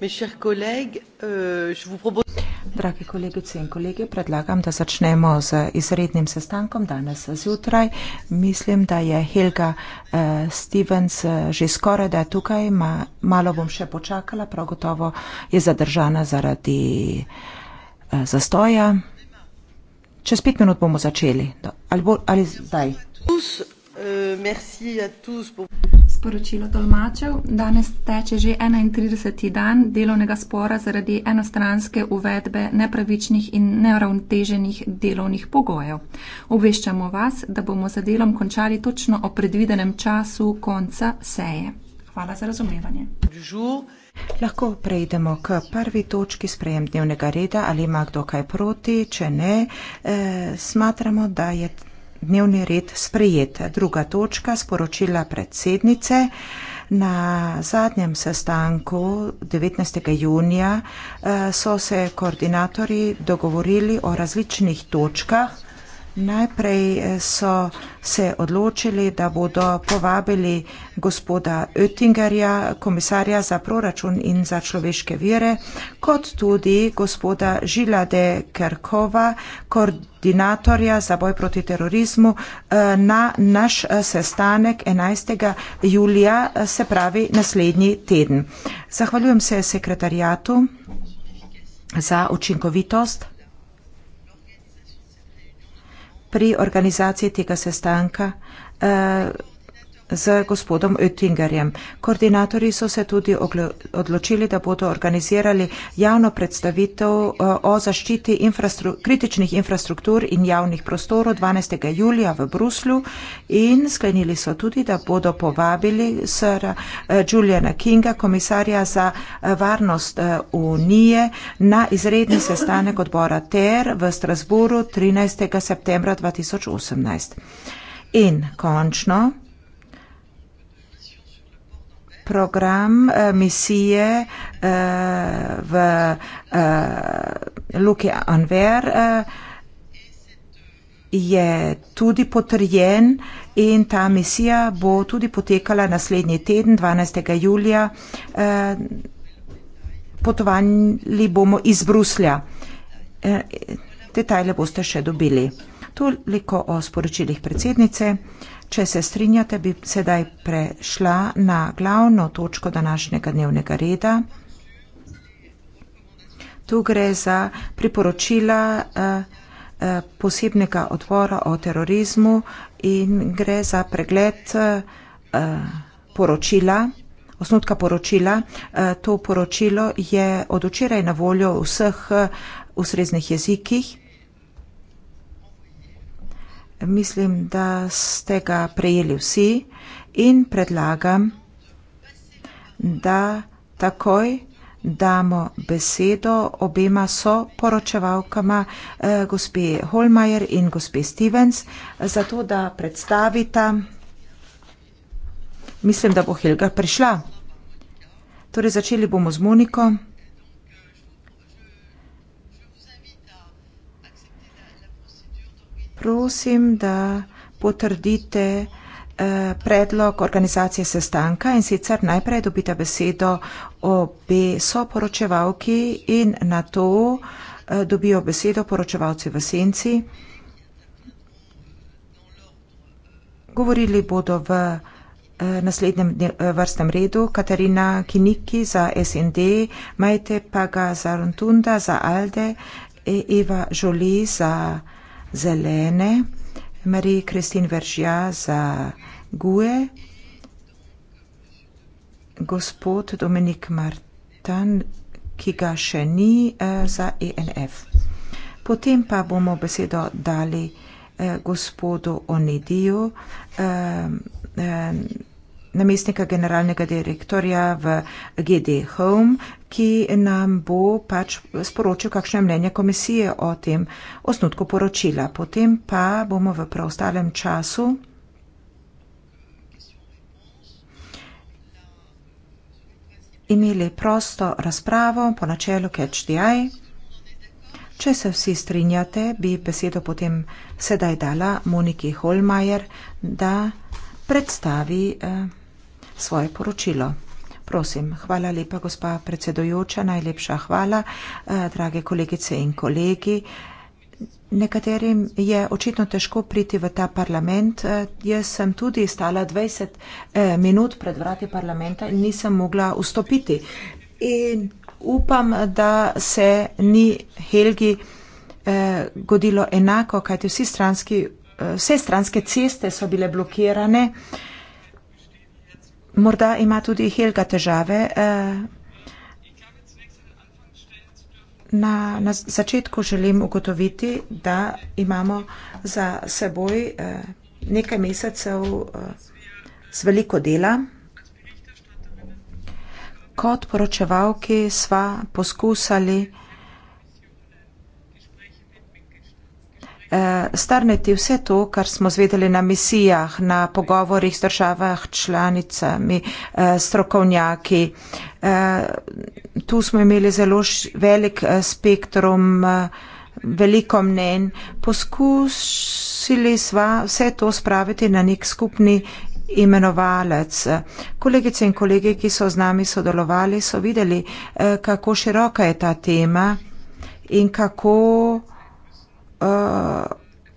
Euh, Drage kolegice in kolege, predlagam, da začnemo z izrednim sestankom danes zjutraj. Mislim, da je Helga eh, Stevens eh, že skoraj, da je tukaj. Malo bom še počakala, prav gotovo je zadržana zaradi eh, zastoja. Čez pet minut bomo začeli. Ali, bo, ali zdaj? Euh, merci à tous pour sporočilo tolmačev. Danes teče že 31. dan delovnega spora zaradi enostranske uvedbe nepravičnih in neravnoteženih delovnih pogojev. Obveščamo vas, da bomo za delom končali točno o predvidenem času konca seje. Hvala za razumevanje. Lahko prejdemo k prvi točki sprejem dnevnega reda, ali ima kdo kaj proti, če ne, eh, smatramo, da je dnevni red sprejet. Druga točka sporočila predsednice. Na zadnjem sestanku 19. junija eh, so se koordinatori dogovorili o različnih točkah, Najprej eh, so se odločili, da bodo povabili gospoda Oettingerja, komisarja za proračun in za človeške vire, kot tudi gospoda Žilade Kerkova, koordinatorja za boj proti terorizmu, eh, na naš eh, sestanek 11. julija, se pravi naslednji teden. Zahvaljujem se sekretarjatu za učinkovitost pri organizaciji tega sestanka eh, z gospodom Oettingerjem. Koordinatorji so se tudi odločili, da bodo organizirali javno predstavitev eh, o zaščiti infrastru kritičnih infrastruktur in javnih prostorov 12. julija v Bruslju in sklenili so tudi, da bodo povabili sr. Eh, Juliana Kinga, komisarja za eh, varnost unije, na izredni sestanek odbora TER v Strasburu 13. septembra 2018. In končno, program eh, misije eh, v eh, Luki Anver je tudi potrjen in ta misija bo tudi potekala naslednji teden, 12. julija. Potovali bomo iz Bruslja. Detajle boste še dobili. Toliko o sporočilih predsednice. Če se strinjate, bi sedaj prešla na glavno točko današnjega dnevnega reda. Tu gre za priporočila eh, eh, posebnega odbora o terorizmu in gre za pregled eh, poročila, osnutka poročila. To poročilo je od včeraj na voljo v vseh ustreznih jezikih mislim, da ste ga prejeli vsi in predlagam, da takoj damo besedo obema soporočevalkama, eh, gospe Holmajer in gospe Stevens, zato da predstavita. Mislim, da bo Helga prišla. Torej začeli bomo z Moniko. prosim, da potrdite eh, predlog organizacije sestanka in sicer najprej dobite besedo obe soporočevalki in na to eh, dobijo besedo poročevalci v senci. Govorili bodo v eh, naslednjem vrstnem redu Katarina Kiniki za SND, Majte Paga za Rontunda, za Alde, e- Eva Žoli za zelene, Marie Kristin Veržja za guje, gospod Dominik Martan, ki ga še ni eh, za ENF. Potem pa bomo besedo dali eh, gospodu Onidiju. Eh, namestnika generalnega direktorja v GD Home, ki nam bo pač sporočil, kakšno je mnenje komisije o tem osnutku poročila. Potem pa bomo v preostalem času imeli prosto razpravo po načelu CatchDI. Če se vsi strinjate, bi besedo potem sedaj dala Moniki Holmajer, da predstavi eh, svoje poročilo. Prosim, hvala lepa, gospa predsedojoča, najlepša hvala, eh, drage kolegice in kolegi. Nekaterim je očitno težko priti v ta parlament. Eh, jaz sem tudi stala 20 eh, minut pred vrati parlamenta in nisem mogla vstopiti. In upam, da se ni Helgi eh, godilo enako, kajti vsi stranski vse stranske ceste so bile blokirane. Morda ima tudi Helga težave. Eh, na, na začetku želim ugotoviti, da imamo za seboj eh, nekaj mesecev eh, z veliko dela. Kot poročevalki sva poskusali Eh, strniti vse to, kar smo zvedeli na misijah, na pogovorih s državah članicami, eh, strokovnjaki. Eh, tu smo imeli zelo velik spektrum, veliko mnen. Poskusili smo vse to spraviti na nek skupni imenovalec. Kolegice in kolege, ki so z nami sodelovali, so videli, kako široka je ta tema in kako Eh,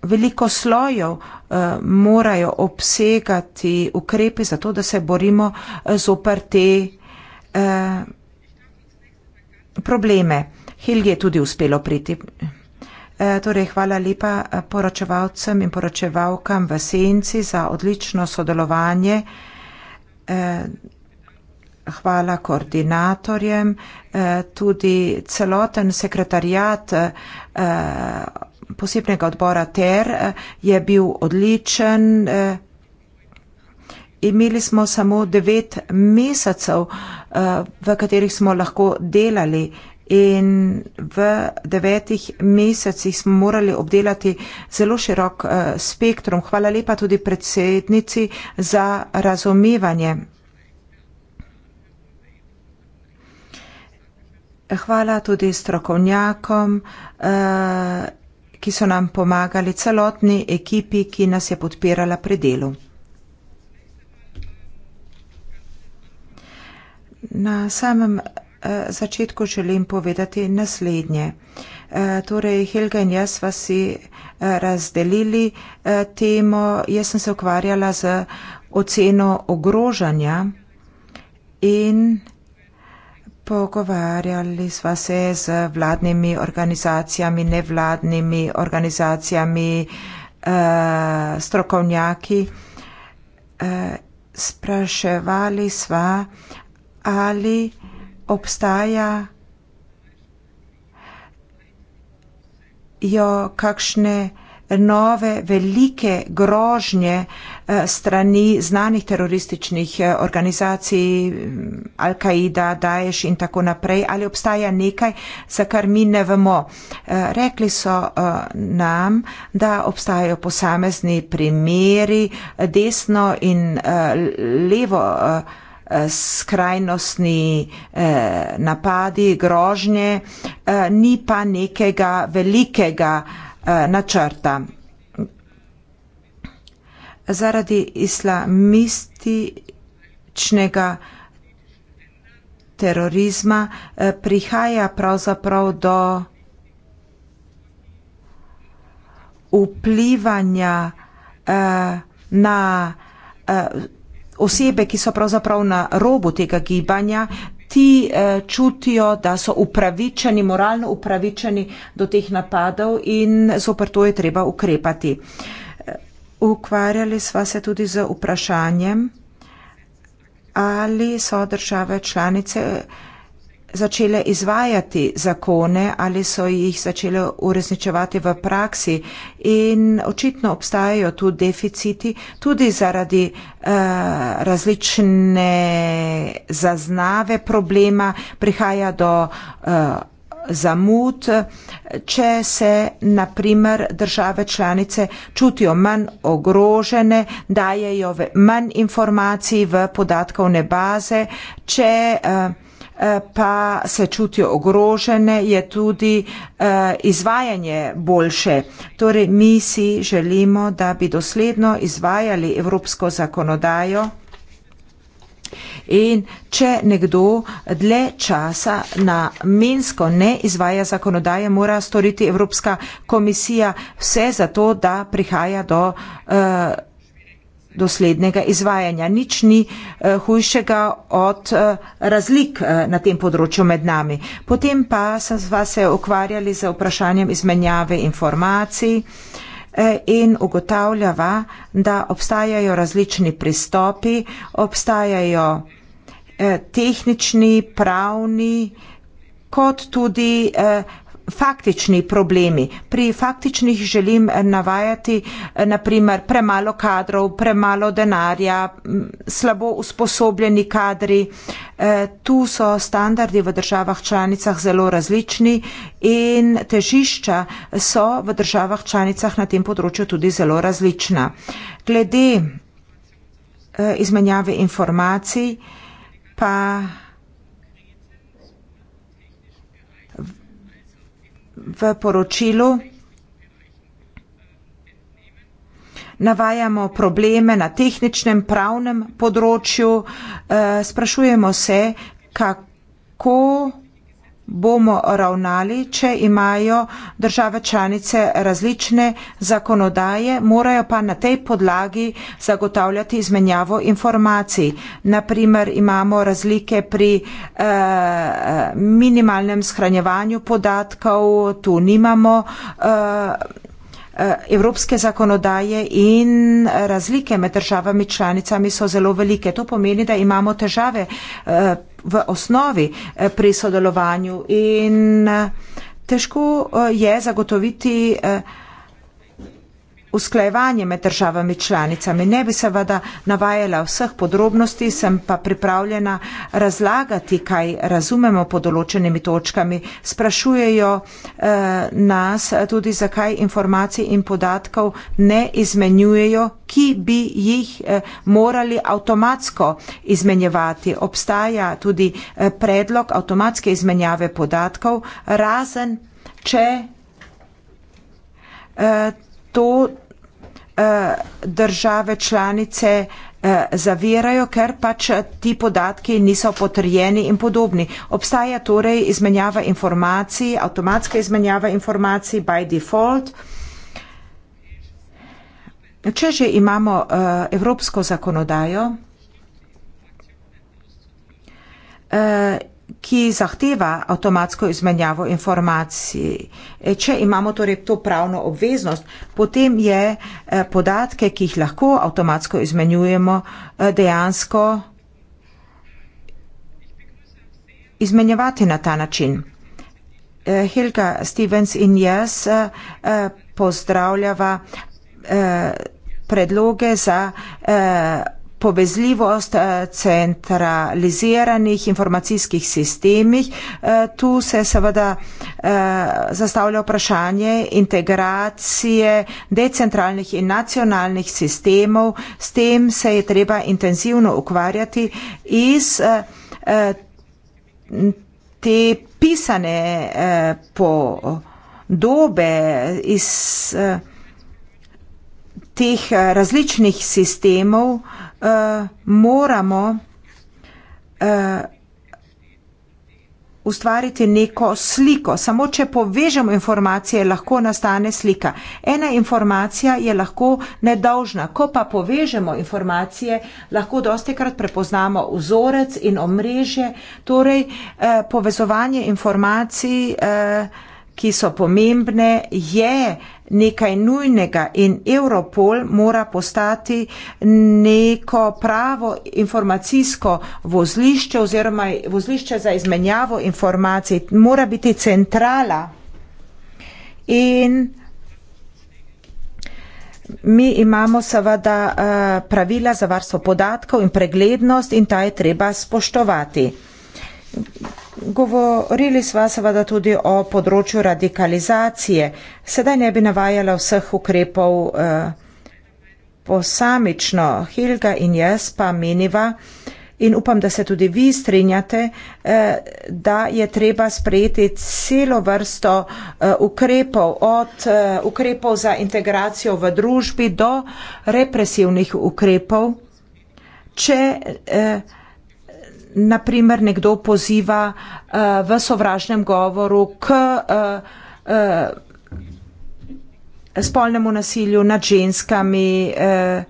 veliko slojev eh, morajo obsegati ukrepi za to, da se borimo eh, z opr te probleme. Helgi je tudi uspelo priti. Torej, hvala lepa poročevalcem in poročevalkam v Senci za odlično sodelovanje. Hvala koordinatorjem, tudi celoten sekretarjat posebnega odbora TER eh, je bil odličen. Eh, imeli smo samo devet mesecev, eh, v katerih smo lahko delali. In v devetih mesecih smo morali obdelati zelo širok spektrum. Hvala lepa tudi predsednici za razumevanje. Hvala tudi strokovnjakom ki so nam pomagali celotni ekipi, ki nas je podpirala pri delu. Na samem eh, začetku želim povedati naslednje. Eh, torej, Helga in jaz vas si eh, razdelili temo. Jaz sem se ukvarjala z oceno ogrožanja in Pogovarjali smo se z vladnimi organizacijami, nevladnimi organizacijami, eh, strokovnjaki. Eh, spraševali smo, ali obstaja jo kakšne nove velike grožnje eh, strani znanih terorističnih eh, organizacij mm, Al-Kaida, Daesh in tako naprej, ali obstaja nekaj, za kar mi ne vemo. Eh, rekli so nam, da obstajajo posamezni primeri desno in levo skrajnostni napadi, grožnje, ni pa nekega velikega Eh, načrta. Zaradi islamističnega terorizma eh, prihaja pravzaprav do vplivanja eh, na osebe, ki so pravzaprav na robu tega gibanja, ti eh, čutijo, da so upravičeni, moralno upravičeni do teh napadov in zopr to je treba ukrepati. Eh, ukvarjali sva se tudi z vprašanjem, ali so države članice. Eh, začele izvajati zakone ali so jih začele uresničevati v praksi in očitno obstajajo tu deficiti tudi zaradi uh, različne zaznave problema, prihaja do uh, zamud, če se na primer države članice čutijo manj ogrožene, dajejo manj informacij v podatkovne baze, če uh, pa se čutijo ogrožene, je tudi eh, izvajanje boljše. Torej, mi si želimo, da bi dosledno izvajali evropsko zakonodajo. In če nekdo dle časa namensko ne izvaja zakonodaje, mora storiti Evropska komisija vse za to, da prihaja do uh, doslednega izvajanja. Nič ni eh, hujšega od eh, razlik eh, na tem področju med nami. Potem pa so vas se ukvarjali z vprašanjem izmenjave informacij eh, in ugotavljava, da obstajajo različni pristopi, obstajajo eh, tehnični, pravni, kot tudi eh, faktični problemi. Pri faktičnih želim navajati naprimer premalo kadrov, premalo denarja, slabo usposobljeni kadri. E, tu so standardi v državah članicah zelo različni in težišča so v državah članicah na tem področju tudi zelo različna. Glede e, izmenjave informacij pa v poročilu navajamo probleme na tehničnem, pravnem področju, eh, sprašujemo se, kako bomo ravnali, če imajo države članice različne zakonodaje, morajo pa na tej podlagi zagotavljati izmenjavo informacij. Naprimer, imamo razlike pri eh, minimalnem shranjevanju podatkov, tu nimamo. Eh, eh, Evropske zakonodaje in razlike med državami članicami so zelo velike. To pomeni, da imamo težave eh, v osnovi eh, pri sodelovanju in eh, težko eh, je zagotoviti usklajevanje med državami članicami. Ne bi seveda navajala vseh podrobnosti, sem pa pripravljena razlagati, kaj razumemo pod določenimi točkami. Sprašujejo eh, nas tudi, zakaj informacij in podatkov ne izmenjujejo, ki bi jih eh, morali avtomatsko izmenjevati. Obstaja tudi eh, predlog avtomatske izmenjave podatkov, razen če eh, to Eh, države članice eh, zavirajo, ker pač ti podatki niso potrjeni in podobni. Obstaja torej izmenjava informacij, avtomatska izmenjava informacij by default. Če že imamo uh, evropsko zakonodajo, uh, ki zahteva avtomatsko izmenjavo informacij. E, če imamo torej to pravno obveznost, potem je e, podatke, ki jih lahko avtomatsko izmenjujemo, e, dejansko izmenjevati na ta način. Helga Stevens in jaz pozdravljava predloge za povezljivost eh, centraliziranih informacijskih sistemih. Eh, tu se seveda eh, zastavlja vprašanje integracije decentralnih in nacionalnih sistemov. S tem se je treba intenzivno ukvarjati iz te pisane podobe, iz teh različnih sistemov, uh, moramo uh, ustvariti neko sliko. Samo če povežemo informacije, lahko nastane slika. Ena informacija je lahko nedolžna. Ko pa povežemo informacije, lahko dosti krat prepoznamo vzorec in omrežje. Torej, eh, povezovanje informacij eh, ki so pomembne, je nekaj nujnega in Europol mora postati neko pravo informacijsko vozlišče oziroma vozlišče za izmenjavo informacij, mora biti centrala. In mi imamo seveda eh, pravila za varstvo podatkov in preglednost in ta je treba spoštovati. Govorili sva seveda tudi o področju radikalizacije. Sedaj ne bi navajala vseh ukrepov eh, posamično. Hilga in jaz pa meniva in upam, da se tudi vi strinjate, eh, da je treba sprejeti celo vrsto eh, ukrepov, od eh, ukrepov za integracijo v družbi do represivnih ukrepov. Če, eh, naprimer nekdo poziva uh, v sovražnem govoru k uh, uh, spolnemu nasilju nad ženskami. Uh,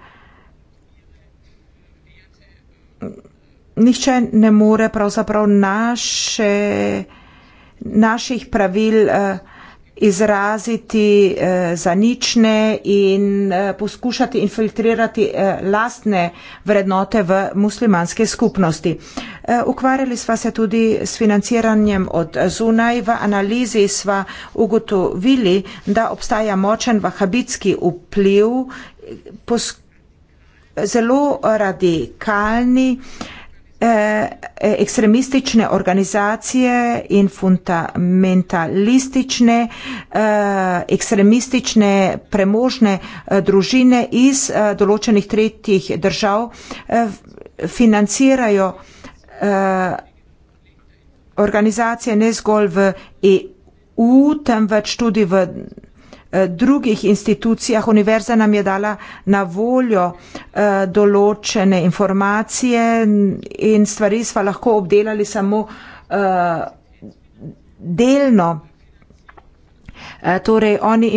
nihče ne more pravzaprav naše, naših pravil. Uh, izraziti eh, za nične in eh, poskušati infiltrirati eh, lastne vrednote v muslimanske skupnosti. Ukvarjali sva se tudi s financiranjem od zunaj. V analizi sva ugotovili, da obstaja močen vahabitski vpliv, zelo radikalni, Eh, ekstremistične organizacije in fundamentalistične eh, ekstremistične premožne eh, družine iz določenih tretjih držav financirajo organizacije ne zgolj v EU, temveč tudi v Eh, drugih institucijah. Univerza nam je dala na voljo eh, določene informacije in stvari sva lahko obdelali samo eh, delno. Torej, oni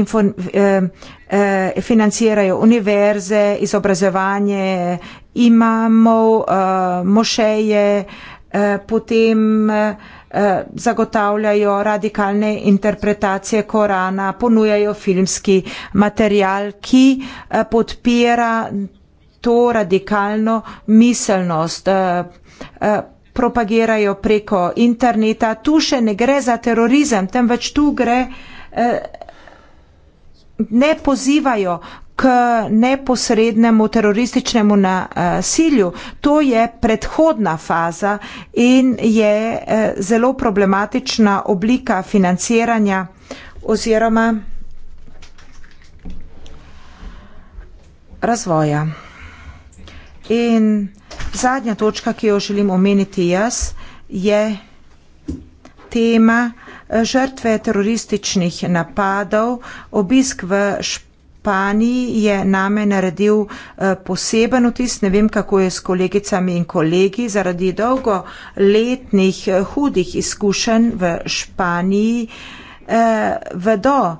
financirajo univerze, izobrazovanje, imamo mošeje, potem Eh, zagotavljajo radikalne interpretacije Korana, ponujajo filmski material, ki eh, podpira to radikalno miselnost. Eh, propagirajo preko interneta. Tu še ne gre za terorizem, temveč tu gre ne pozivajo k neposrednemu terorističnemu nasilju. Eh, to je predhodna faza in je eh, zelo problematična oblika financiranja oziroma razvoja. In zadnja točka, ki jo želim omeniti jaz, je tema, žrtve terorističnih napadov. Obisk v Španiji je name naredil eh, poseben vtis, ne vem, kako je s kolegicami in kolegi, zaradi dolgoletnih eh, hudih izkušenj v Španiji eh, vedo,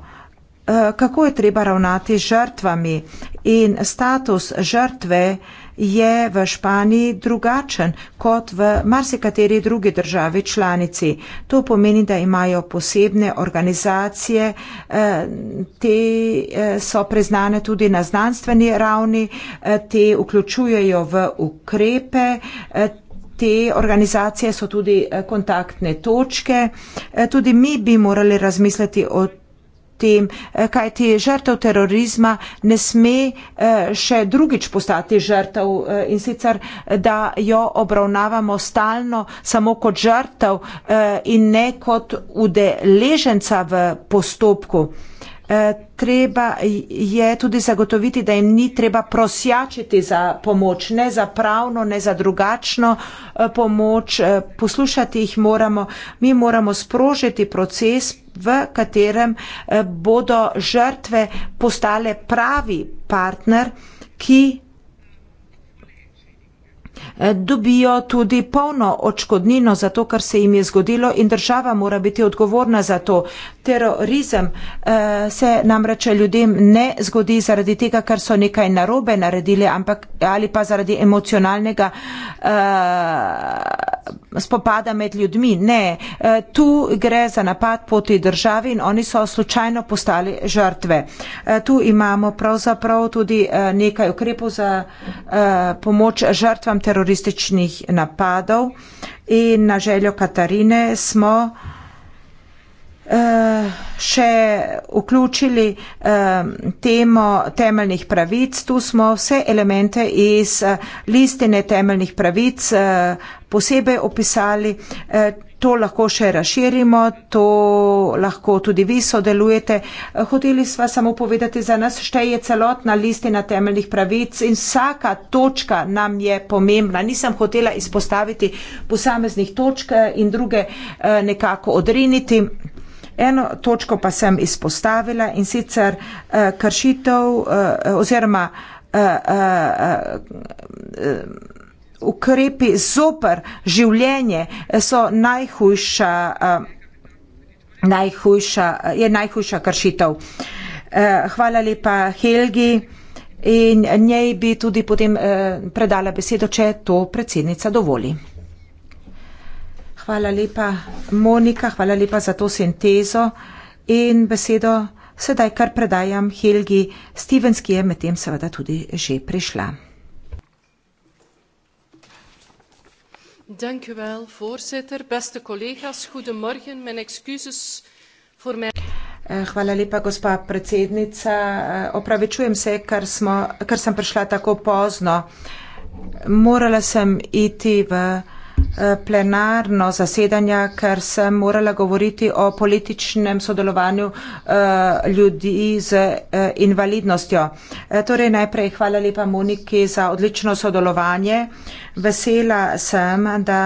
kako je treba ravnati žrtvami in status žrtve je v Španiji drugačen kot v marsikateri drugi državi članici. To pomeni, da imajo posebne organizacije, eh, te eh, so preznane tudi na znanstveni ravni, eh, te vključujejo v ukrepe. Te organizacije so tudi kontaktne točke. Tudi mi bi morali razmisliti o tem, eh, kaj ti žrtev terorizma ne sme eh, še drugič postati žrtev eh, in sicer, da jo obravnavamo stalno samo kot žrtev in ne kot udeleženca v postopku. Eh, treba je tudi zagotoviti, da jim ni treba prosjačiti za pomoč, ne za pravno, ne za drugačno eh, pomoč. Eh, poslušati jih moramo, mi moramo sprožiti proces, v katerem bodo žrtve postale pravi partner, ki Eh, dobijo tudi polno očkodnino za to, kar se jim je zgodilo in država mora biti odgovorna za to. Terorizem eh, se namreč ljudem ne zgodi zaradi tega, ker so nekaj narobe naredili, ampak ali pa zaradi emocionalnega eh, spopada med ljudmi. Ne, eh, tu gre za napad proti državi in oni so slučajno postali žrtve. Eh, tu imamo pravzaprav tudi eh, nekaj ukrepov za eh, pomoč žrtvam terorizma terorističnih napadov in na željo Katarine smo še vključili eh, temo temeljnih pravic. Tu smo vse elemente iz eh, listine temeljnih pravic eh, posebej opisali. To lahko še razširimo, to lahko tudi vi sodelujete. Hoteli sva samo povedati, za nas šteje celotna listina temeljnih pravic in vsaka točka nam je pomembna. Nisem hotela izpostaviti posameznih točk in druge nekako odriniti. Eno točko pa sem izpostavila in sicer eh, kršitev eh, oziroma eh, eh, eh, ukrepi zoper življenje so najhujša, eh, najhujša, je najhujša kršitev. Eh, hvala lepa Helgi in njej bi tudi potem eh, predala besedo, če to predsednica dovoli. Hvala lepa, Monika, hvala lepa za to sintezo in besedo sedaj kar predajam Helgi Stevens, ki je medtem seveda tudi že prišla. Dankjewel, voorzitter, beste collega's, goedemorgen, mijn excuses voor mij. Eh, hvala lepa, gospa predsednica. Eh, opravičujem se, ker, smo, ker sem prišla tako pozno. Morala sem iti v. Eh, plenarno zasedanja, ker sem morala govoriti o političnem sodelovanju eh, ljudi z eh, invalidnostjo. Torej najprej hvala lepa Moniki za odlično sodelovanje. Vesela sem, da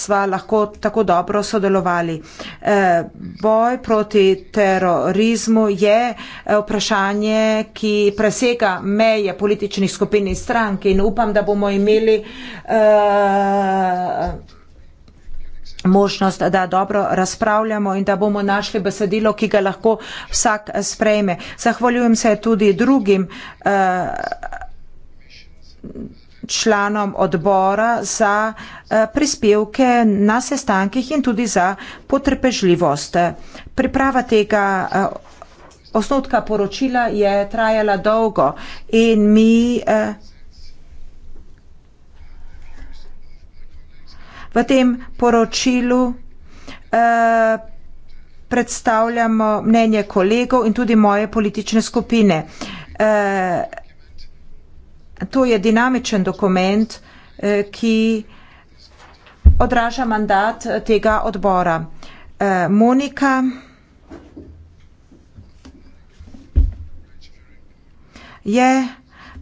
sva lahko tako dobro sodelovali. E, boj proti terorizmu je eh, vprašanje, ki presega meje političnih skupin in strank in upam, da bomo imeli. E, možnost, da dobro razpravljamo in da bomo našli besedilo, ki ga lahko vsak sprejme. Zahvaljujem se tudi drugim uh, članom odbora za eh, prispevke na sestankih in tudi za potrpežljivost. Priprava tega eh, osnotka poročila je trajala dolgo in mi eh, v tem poročilu predstavljamo mnenje kolegov in tudi moje politične skupine. To je dinamičen dokument, eh, ki odraža mandat eh, tega odbora. Eh, Monika. je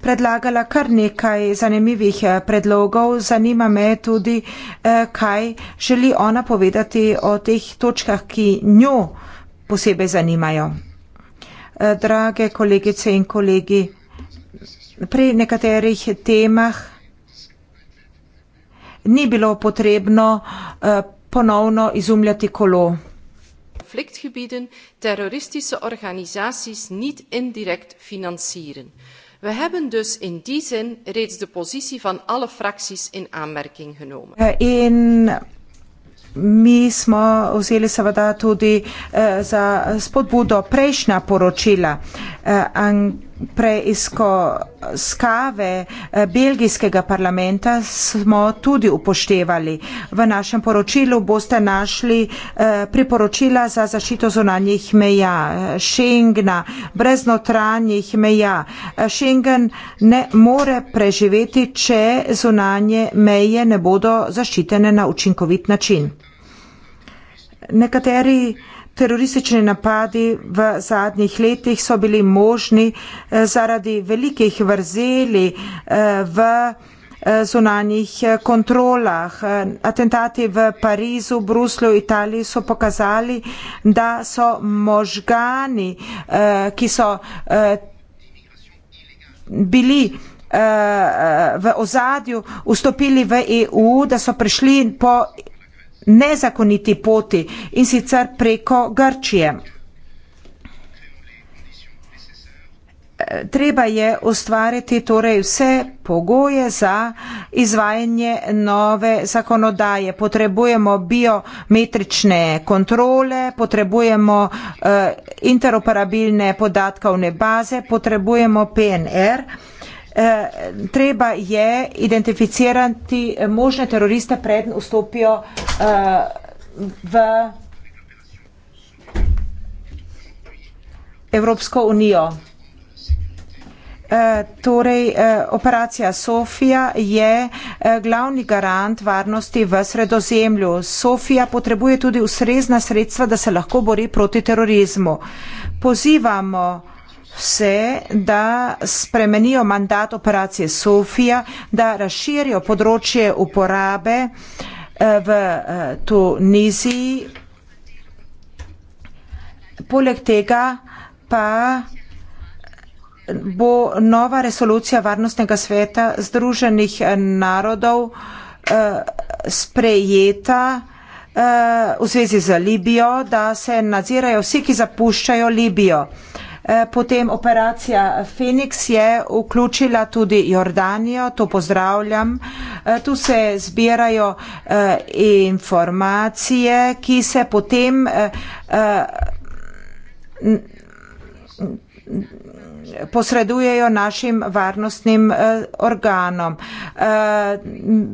predlagala kar nekaj zanimivih predlogov. Zanima me tudi, kaj želi ona povedati o teh točkah, ki njo posebej zanimajo. Drage kolegice in kolegi, pri nekaterih temah ni bilo potrebno eh, ponovno izumljati kolo. Konfliktgebieden teroristische organisaties niet indirect financieren. We hebben dus in die zin reeds de positie van alle fracties in aanmerking genomen. Eh, in mi smo vzeli seveda tudi uh, za spodbudo prejšnja poročila. Uh, preiskave eh, belgijskega parlamenta smo tudi upoštevali. V našem poročilu boste našli eh, priporočila za zaščito zonalnih meja, Schengena, brez notranjih meja. Eh, Schengen ne more preživeti, če zonanje meje ne bodo zaščitene na učinkovit način. Nekateri Teroristični napadi v zadnjih letih so bili možni eh, zaradi velikih vrzeli eh, v eh, zunanjih kontrolah. Atentati v Parizu, Bruslju, Italiji so pokazali, da so možgani, ki so bili v ozadju, vstopili v EU, da so prišli po nezakoniti poti in sicer preko Grčije. Treba je ustvariti torej vse pogoje za izvajanje nove zakonodaje. Potrebujemo biometrične kontrole, potrebujemo uh, interoperabilne podatkovne baze, potrebujemo PNR. Uh, Eh, treba je identificirati možne teroriste, preden vstopijo eh, v Evropsko unijo. Eh, torej, operacija Sofija je glavni garant varnosti v sredozemlju. Sofija potrebuje tudi usrezna sredstva, da se lahko bori proti terorizmu. Pozivamo se, da spremenijo mandat operacije Sofija, da razširijo področje uporabe eh, v eh, Tuniziji. Poleg tega pa bo nova resolucija Varnostnega sveta Združenih narodov eh, sprejeta v zvezi z Libijo, da se nadzirajo vsi, ki zapuščajo Libijo. Eh, potem operacija Phoenix je vključila tudi Jordanijo, to pozdravljam. Eh, tu se zbirajo eh, informacije, ki se potem posredujejo našim varnostnim eh, organom. Eh,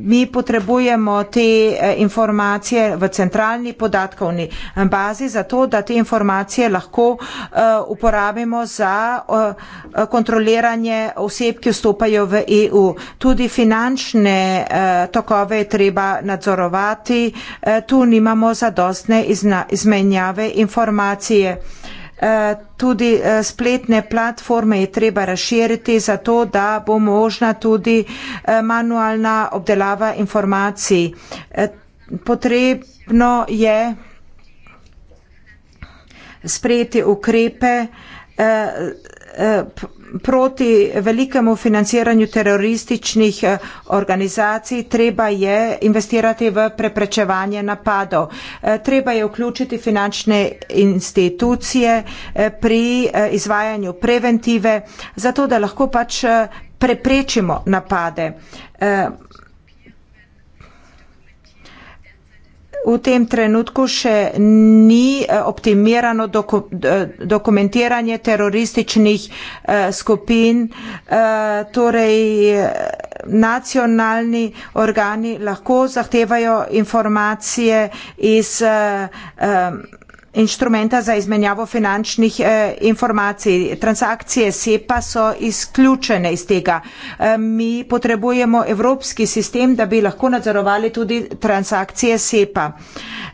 mi potrebujemo te eh, informacije v centralni podatkovni bazi, zato da te informacije lahko uporabimo za kontroliranje oseb, ki vstopajo v EU. Tudi finančne tokove je treba nadzorovati. Tu nimamo zadostne izmenjave informacije. Eh, tudi eh, spletne platforme je treba razširiti, zato da bo možna tudi eh, manualna obdelava informacij. Potrebno je sprejeti ukrepe Eh, proti velikemu financiranju terorističnih eh, organizacij treba je investirati v preprečevanje napadov. Eh, treba je vključiti finančne institucije pri izvajanju preventive, zato da lahko pač preprečimo napade. v tem trenutku še ni eh, optimirano doko, dokumentiranje terorističnih eh, skupin, eh, torej nacionalni organi lahko zahtevajo informacije iz inštrumenta za izmenjavo finančnih eh, informacij. Transakcije SEPA so izključene iz tega. E, mi potrebujemo evropski sistem, da bi lahko nadzorovali tudi transakcije SEPA.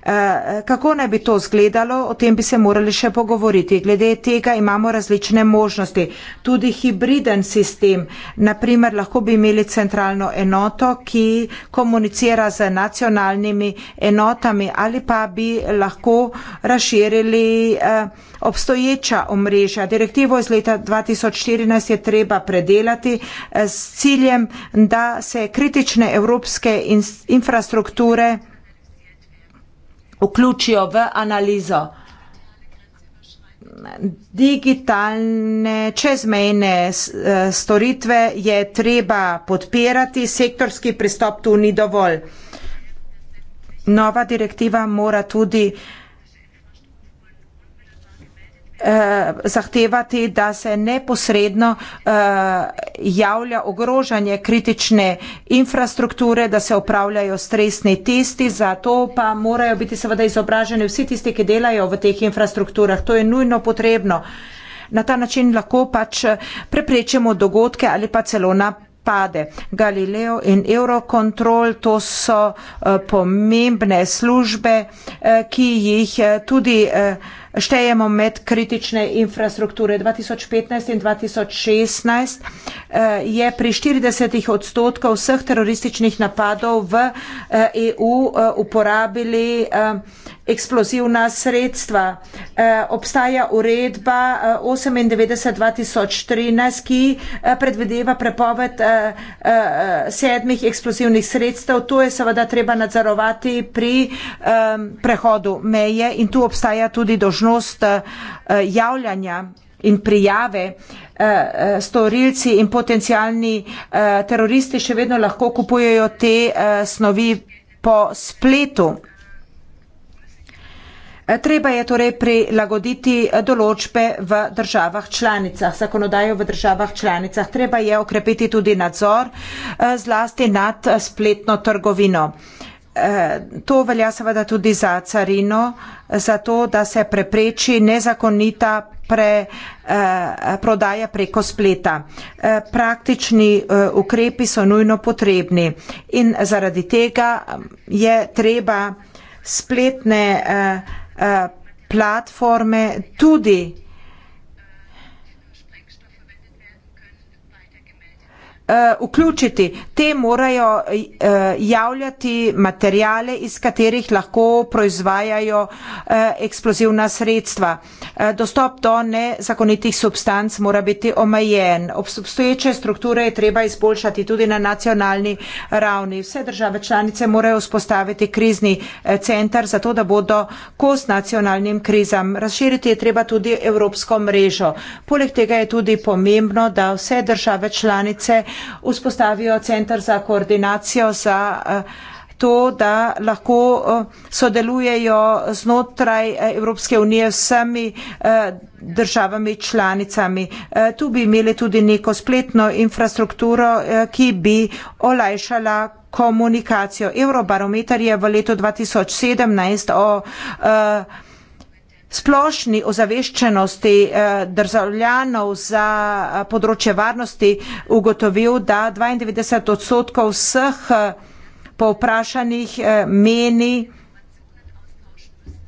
E, eh, kako naj bi to zgledalo, o tem bi se morali še pogovoriti. Glede tega imamo različne možnosti. Tudi hibriden sistem, naprimer lahko bi imeli centralno enoto, ki komunicira z nacionalnimi enotami ali pa bi lahko razširili širili eh, obstoječa omrežja. Direktivo iz leta 2014 je treba predelati eh, s ciljem, da se kritične evropske in, infrastrukture vključijo v analizo digitalne čezmejne eh, storitve je treba podpirati, sektorski pristop tu ni dovolj. Nova direktiva mora tudi uh, Eh, zahtevati, da se neposredno eh, javlja ogrožanje kritične infrastrukture, da se opravljajo stresni testi, za to pa morajo biti seveda izobraženi vsi tisti, ki delajo v teh infrastrukturah. To je nujno potrebno. Na ta način lahko pač preprečimo dogodke ali pa celo napredujemo pade. Galileo in Eurocontrol, to so eh, pomembne službe, eh, ki jih eh, tudi štejemo med kritične infrastrukture. 2015 in 2016 je pri 40 odstotkov vseh terorističnih napadov v EU e uporabili eksplozivna sredstva. Eh, obstaja uredba 98-2013, eh, ki eh, predvedeva prepoved sedmih eksplozivnih sredstev. To je seveda treba nadzorovati pri ehm, prehodu meje in tu obstaja tudi dožnost javljanja in prijave. Storilci in potencijalni teroristi še vedno lahko kupujejo te snovi po spletu. Treba je torej prilagoditi določbe v državah članicah, zakonodajo v državah članicah. Treba je okrepiti tudi nadzor eh, zlasti nad spletno trgovino. Eh, to velja seveda tudi za carino, zato da se prepreči nezakonita pre, eh, prodaja preko spleta. Praktični ukrepi so nujno potrebni in zaradi tega je treba spletne Eh, platforme tudi Eh, vključiti. Te morajo uh, javljati materijale, iz katerih lahko proizvajajo uh, eksplozivna sredstva. Uh, dostop do nezakonitih substanc mora biti omejen. Obstoječe strukture je treba izboljšati tudi na nacionalni ravni. Vse države članice morajo vzpostaviti krizni uh, centar, zato da bodo kos nacionalnim krizam. Razširiti je treba tudi evropsko mrežo. Poleg tega je tudi pomembno, da vse države članice vzpostavijo centr za koordinacijo za eh, to, da lahko eh, sodelujejo znotraj eh, Evropske unije vsemi državami članicami. Tu bi imeli tudi neko spletno infrastrukturo, ki bi olajšala komunikacijo. Eurobarometer je v letu 2017 o splošni ozaveščenosti eh, državljanov za eh, področje varnosti ugotovil, da 92 odstotkov vseh eh, povprašanih meni,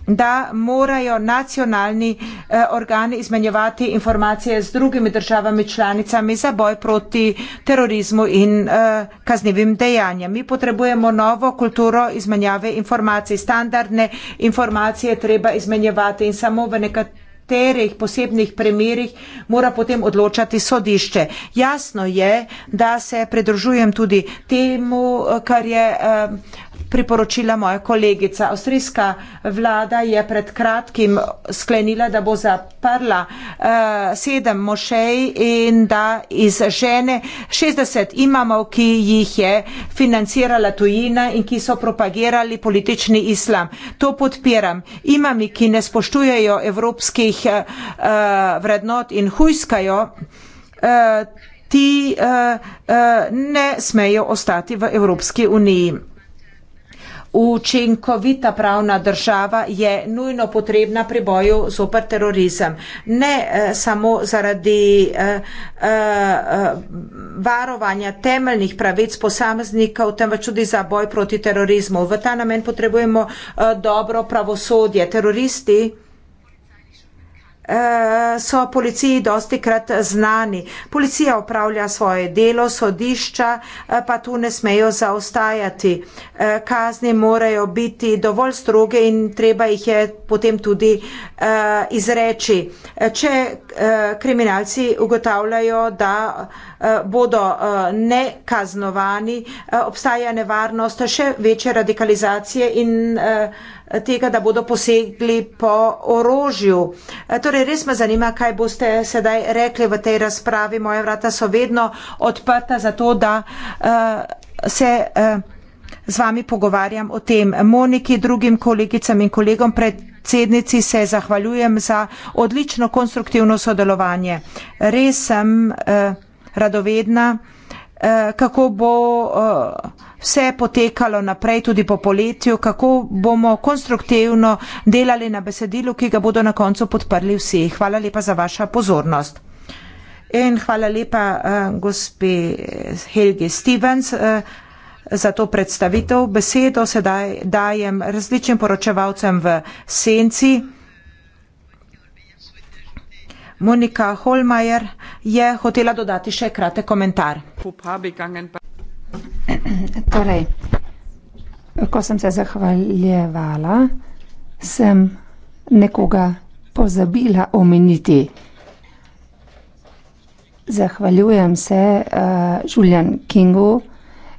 da morajo nacionalni eh, organi izmenjevati informacije z drugimi državami članicami za boj proti terorizmu in eh, kaznivim dejanjem. Mi potrebujemo novo kulturo izmenjave informacij. Standardne informacije treba izmenjevati in samo v nekaterih posebnih primerjih mora potem odločati sodišče. Jasno je, da se pridružujem tudi temu, eh, kar je. Eh, priporočila moja kolegica. Avstrijska vlada je pred kratkim sklenila, da bo zaprla uh, sedem mošej in da iz žene 60 imamo, ki jih je financirala tujina in ki so propagirali politični islam. To podpiram. Imami, ki ne spoštujejo evropskih uh, vrednot in hujskajo, uh, ti uh, uh, ne smejo ostati v Evropski uniji. Učinkovita pravna država je nujno potrebna pri boju zoper terorizem. Ne eh, samo zaradi eh, eh, varovanja temeljnih pravic posameznikov, temveč tudi za boj proti terorizmu. V ta namen potrebujemo eh, dobro pravosodje. Teroristi Eh, so policiji dosti krat znani. Policija opravlja svoje delo, sodišča eh, pa tu ne smejo zaostajati. Eh, kazni morajo biti dovolj stroge in treba jih je potem tudi izreči. Če kriminalci ugotavljajo, da bodo nekaznovani, obstaja nevarnost še večje radikalizacije in tega, da bodo posegli po orožju. E, torej, res me zanima, kaj boste sedaj rekli v tej razpravi. Moje vrata so vedno odprta za to, da uh, se. Uh, Z vami pogovarjam o tem. Moniki, drugim kolegicam in kolegom, predsednici se zahvaljujem za odlično konstruktivno sodelovanje. Res sem eh, radovedna. Eh, kako bo eh, vse potekalo naprej tudi po poletju, kako bomo konstruktivno delali na besedilu, ki ga bodo na koncu podprli vsi. Hvala lepa za vaša pozornost. In hvala lepa eh, gospe Helge Stevens za to predstavitev. Besedo sedaj dajem različnim poročevalcem v senci. Monika Holmajer je hotela dodati še kratek komentar. Torej, ko sem se zahvaljevala, sem nekoga pozabila omeniti. Zahvaljujem se uh, Julian Kingu.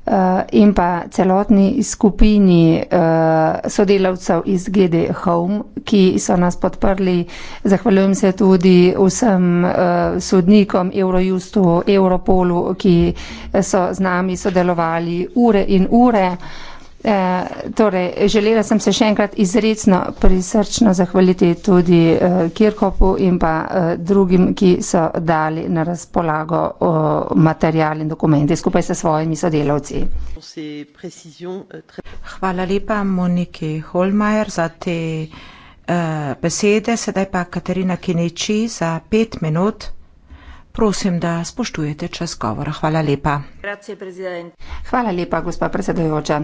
Eh, in pa celotni skupini uh, sodelavcev iz GD Home, ki so nas podprli. Zahvaljujem se tudi vsem uh, sodnikom Eurojustu, Europolu, ki so z nami sodelovali ure in ure. Uh, Eh, torej, želela sem se še enkrat izredno prisrčno zahvaliti tudi uh, eh, Kirkopu in pa uh, drugim, ki so dali na razpolago uh, material in dokumente skupaj s svojimi sodelavci. Hvala lepa Moniki Holmajer za te uh, besede. Sedaj pa Katarina Kineči za pet minut. Prosim, da spoštujete čas govora. Hvala lepa. Hvala lepa, gospa predsedujoča.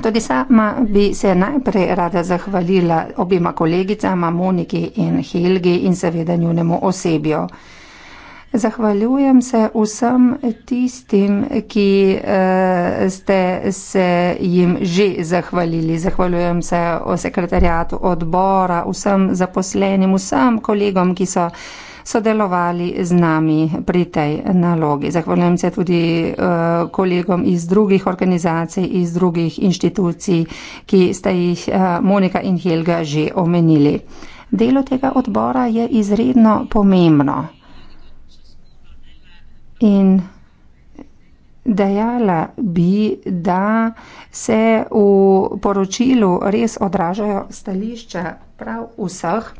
Tudi sama bi se najprej rada zahvalila obima kolegicama, Moniki in Helgi in seveda njunemu osebju. Zahvaljujem se vsem tistim, ki uh, ste se jim že zahvalili. Zahvaljujem se o sekretarjatu odbora, vsem zaposlenim, vsem kolegom, ki so sodelovali z nami pri tej nalogi. Zahvaljujem se tudi eh, kolegom iz drugih organizacij, iz drugih inštitucij, ki ste jih eh, Monika in Helga že omenili. Delo tega odbora je izredno pomembno. In Dejala bi, da se v poročilu res odražajo stališča prav vseh,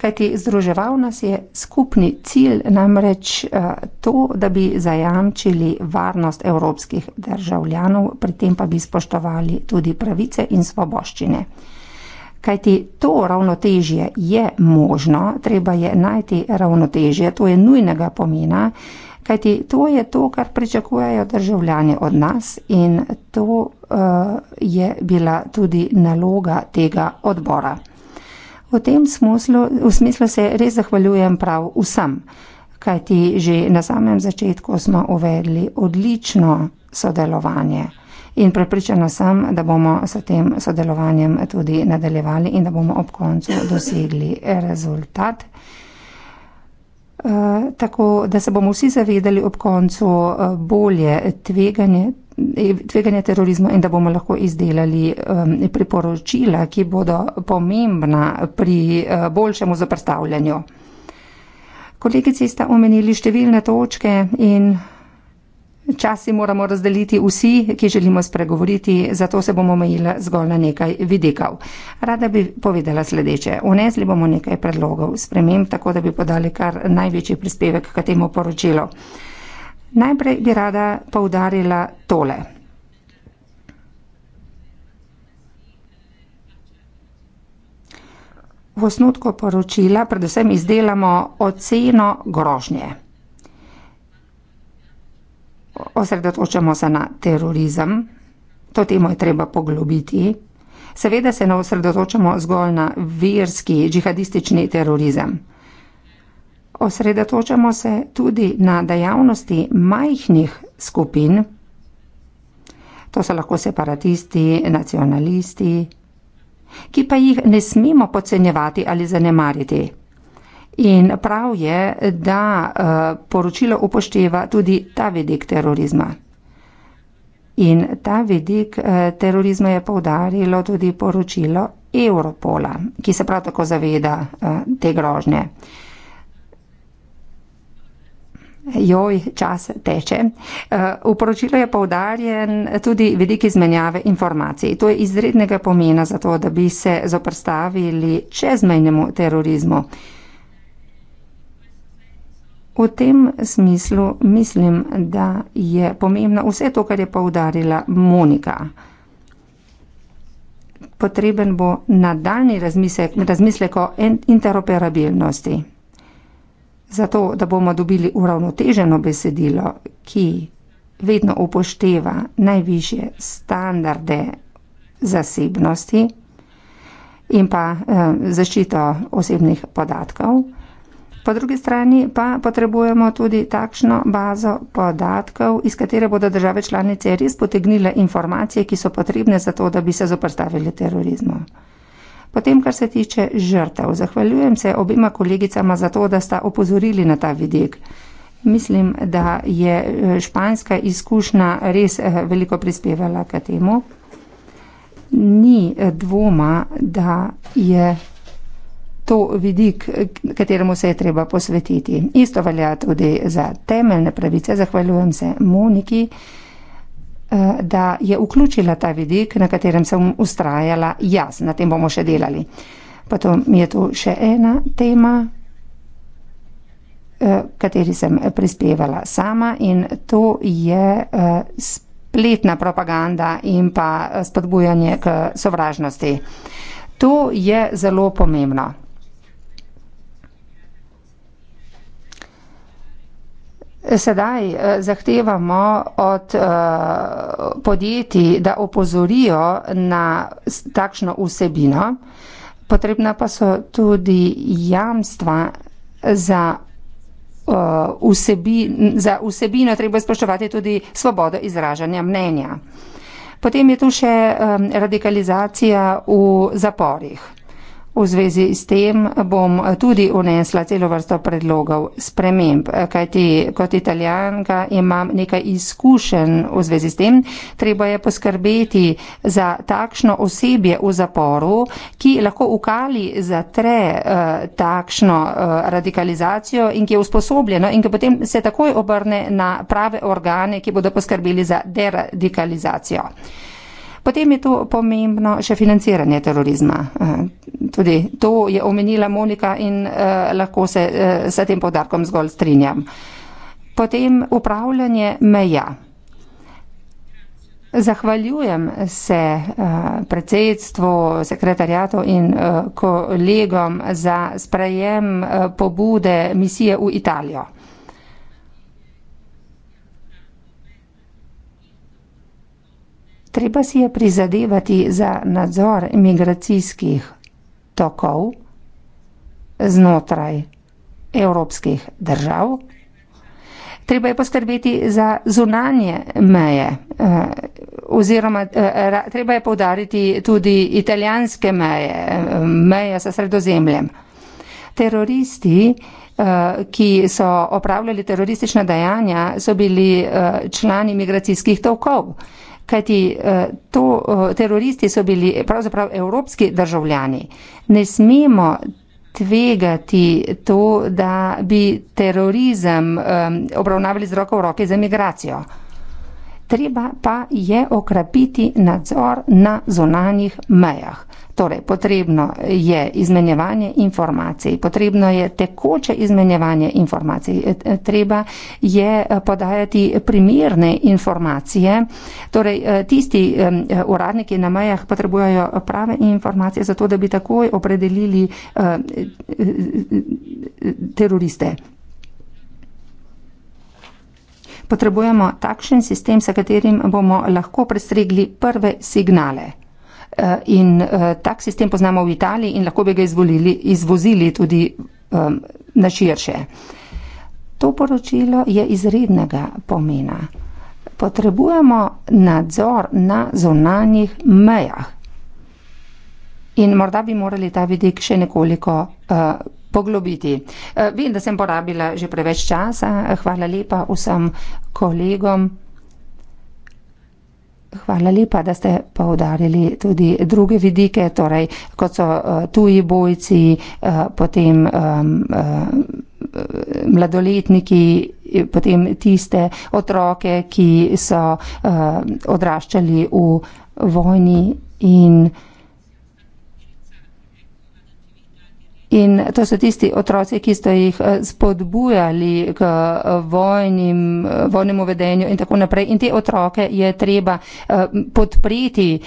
kajti združeval nas je skupni cilj namreč eh, to, da bi zajamčili varnost evropskih državljanov, pri tem pa bi spoštovali tudi pravice in svoboščine. Kajti to ravnotežje je možno, treba je najti ravnotežje, to je nujnega pomena kajti to je to, kar pričakujejo državljani od nas in to uh, je bila tudi naloga tega odbora. V tem smuslu, v smislu se res zahvaljujem prav vsem, kajti že na samem začetku smo uvedli odlično sodelovanje. In prepričana sem, da bomo s tem sodelovanjem tudi nadaljevali in da bomo ob koncu dosegli rezultat. Uh, Eh, tako da se bomo vsi zavedali ob koncu eh, bolje tveganje eh, tveganja terorizma in da bomo lahko izdelali um, priporočila, ki bodo pomembna pri uh, boljšemu zaprstavljanju. Kolegici sta omenili številne točke in Čas si moramo razdeliti vsi, ki želimo spregovoriti, zato se bomo omejili zgolj na nekaj vidikov. Rada bi povedala sledeče. Unesli bomo nekaj predlogov, sprememb, tako da bi podali kar največji prispevek k temu poročilu. Najprej bi rada poudarila tole. V osnutku poročila predvsem izdelamo oceno grožnje osredotočamo se na terorizem. To temo je treba poglobiti. Seveda se ne osredotočamo zgolj na verski, džihadistični terorizem. Osredotočamo se tudi na dejavnosti majhnih skupin, to so lahko separatisti, nacionalisti, ki pa jih ne smemo podcenjevati ali zanemariti. In prav je, da eh, poročilo upošteva tudi ta vidik terorizma. In ta vidik eh, terorizma je povdarilo tudi poročilo Europola, ki se prav tako zaveda eh, te grožnje. Joj, čas teče. V poročilu je povdarjen tudi vidik izmenjave informacij. To je izrednega pomena za to, da bi se zoprstavili čezmejnemu terorizmu. V tem smislu mislim, da je pomembno vse to, kar je povdarila Monika. Potreben bo nadaljni razmislek, razmislek o interoperabilnosti. Zato, da bomo dobili uravnoteženo besedilo, ki vedno upošteva najviše standarde zasebnosti in pa eh, zaščito osebnih podatkov. Po drugi strani pa potrebujemo tudi takšno bazo podatkov, iz katere bodo države članice res potegnile informacije, ki so potrebne za to, da bi se zoprstavili terorizmu. Potem, kar se tiče žrtev, zahvaljujem se obima kolegicama za to, da sta opozorili na ta vidik. Mislim, da je eh, španska izkušnja res eh, veliko prispevala k temu. Ni eh, dvoma, da je to vidik, kateremu se je treba posvetiti. Isto velja tudi za temeljne pravice. Zahvaljujem se Moniki, eh, da je vključila ta vidik, na katerem sem ustrajala jaz. Na tem bomo še delali. Potem je tu še ena tema, eh, kateri sem prispevala sama in to je eh, spletna propaganda in pa spodbujanje k sovražnosti. To je zelo pomembno. Sedaj eh, zahtevamo od eh, podjetij, da opozorijo na takšno vsebino. Potrebna pa so tudi jamstva za, eh, vsebi, za vsebino, treba spoštovati tudi svobodo izražanja mnenja. Potem je tu še radikalizacija v zaporih. V zvezi s tem bom tudi unesla celo vrsto predlogov sprememb, kajti kot italijanka imam nekaj izkušenj v zvezi s tem. Treba je poskrbeti za takšno osebje v zaporu, ki lahko ukali za tre uh, eh, takšno uh, radikalizacijo in ki je usposobljeno in ki potem se takoj obrne na prave organe, ki bodo poskrbeli za deradikalizacijo. Potem je tu pomembno še financiranje terorizma. Eh, tudi to je omenila Monika in eh, lahko se eh, s tem podarkom zgolj strinjam. Potem upravljanje meja. Zahvaljujem se predsedstvu, sekretarjatu in kolegom za sprejem pobude misije v Italijo. Treba si je prizadevati za nadzor migracijskih tokov znotraj evropskih držav. Treba je poskrbeti za zunanje meje eh, oziroma eh, treba je povdariti tudi italijanske meje, eh, meje sa sredozemljem. Teroristi, ki so opravljali teroristična dejanja, so bili člani migracijskih tokov kajti eh, to, eh, teroristi so bili pravzaprav evropski državljani. Ne smemo tvegati to, da bi terorizem um, obravnavali z roko v roki za migracijo treba pa je okrepiti nadzor na zonanih mejah. Torej, potrebno je izmenjevanje informacij, potrebno je tekoče izmenjevanje informacij, e, e, treba je e, podajati primerne informacije. Torej, tisti uradniki na mejah potrebujejo prave informacije, zato da bi takoj opredelili teroriste. Potrebujemo takšen sistem, s katerim bomo lahko prestregli prve signale. Eh, in eh, tak sistem poznamo v Italiji in lahko bi ga izvolili, izvozili tudi ehm, na širše. To poročilo je izrednega pomena. Potrebujemo nadzor na zonanjih mejah. In morda bi morali ta vidik še nekoliko uh, poglobiti. Eh, vem, da sem porabila že preveč časa. Hvala lepa vsem kolegom. Hvala lepa, da ste povdarili tudi druge vidike, torej kot so eh, tuji bojci, eh, potem mladoletniki, potem tiste otroke, ki so odraščali v vojni in vojni. In to so tisti otroci, ki ste jih eh, spodbujali k eh, vojnim, eh, vojnemu vedenju in tako naprej. In te otroke je treba podpriti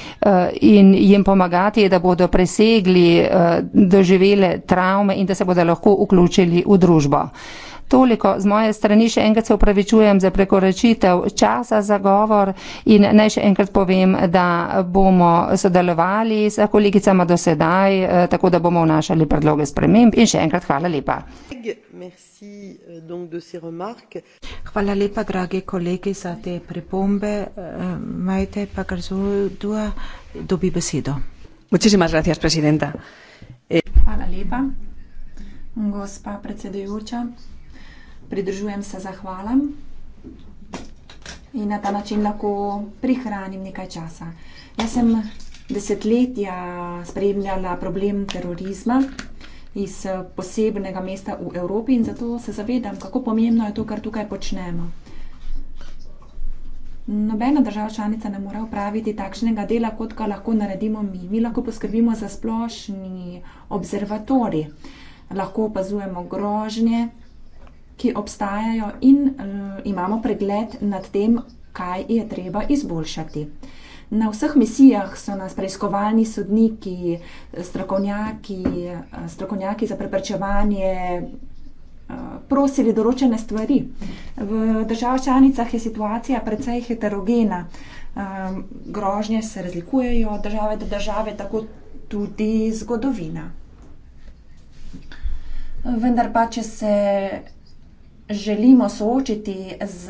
in jim pomagati, da bodo presegli, doživele travme in da se bodo lahko vključili v družbo toliko z moje strani, še enkrat se upravičujem za prekoračitev časa za govor in naj še enkrat povem, da bomo sodelovali s kolegicama do sedaj, eh, tako da bomo vnašali predloge sprememb in še enkrat hvala lepa. Eh, hvala lepa, dragi kolegi, za te pripombe. Eh, Majte pa kar zvodua, dobi besedo. Gracias, eh. Hvala lepa, gospa predsedujoča pridružujem se zahvalam in na ta način lahko prihranim nekaj časa. Jaz sem desetletja spremljala problem terorizma iz posebnega mesta v Evropi in zato se zavedam, kako pomembno je to, kar tukaj počnemo. Nobena država članica ne mora upraviti takšnega dela, kot ga lahko naredimo mi. Mi lahko poskrbimo za splošni observatori, lahko opazujemo grožnje, ki obstajajo in eh, imamo pregled nad tem, kaj je treba izboljšati. Na vseh misijah so nas preiskovalni sodniki, strokovnjaki, eh, strokovnjaki za preprečevanje eh, prosili določene stvari. V državah članicah je situacija precej heterogena. Ehm, grožnje se razlikujejo od države do države, tako tudi zgodovina. Vendar pa, če se želimo soočiti z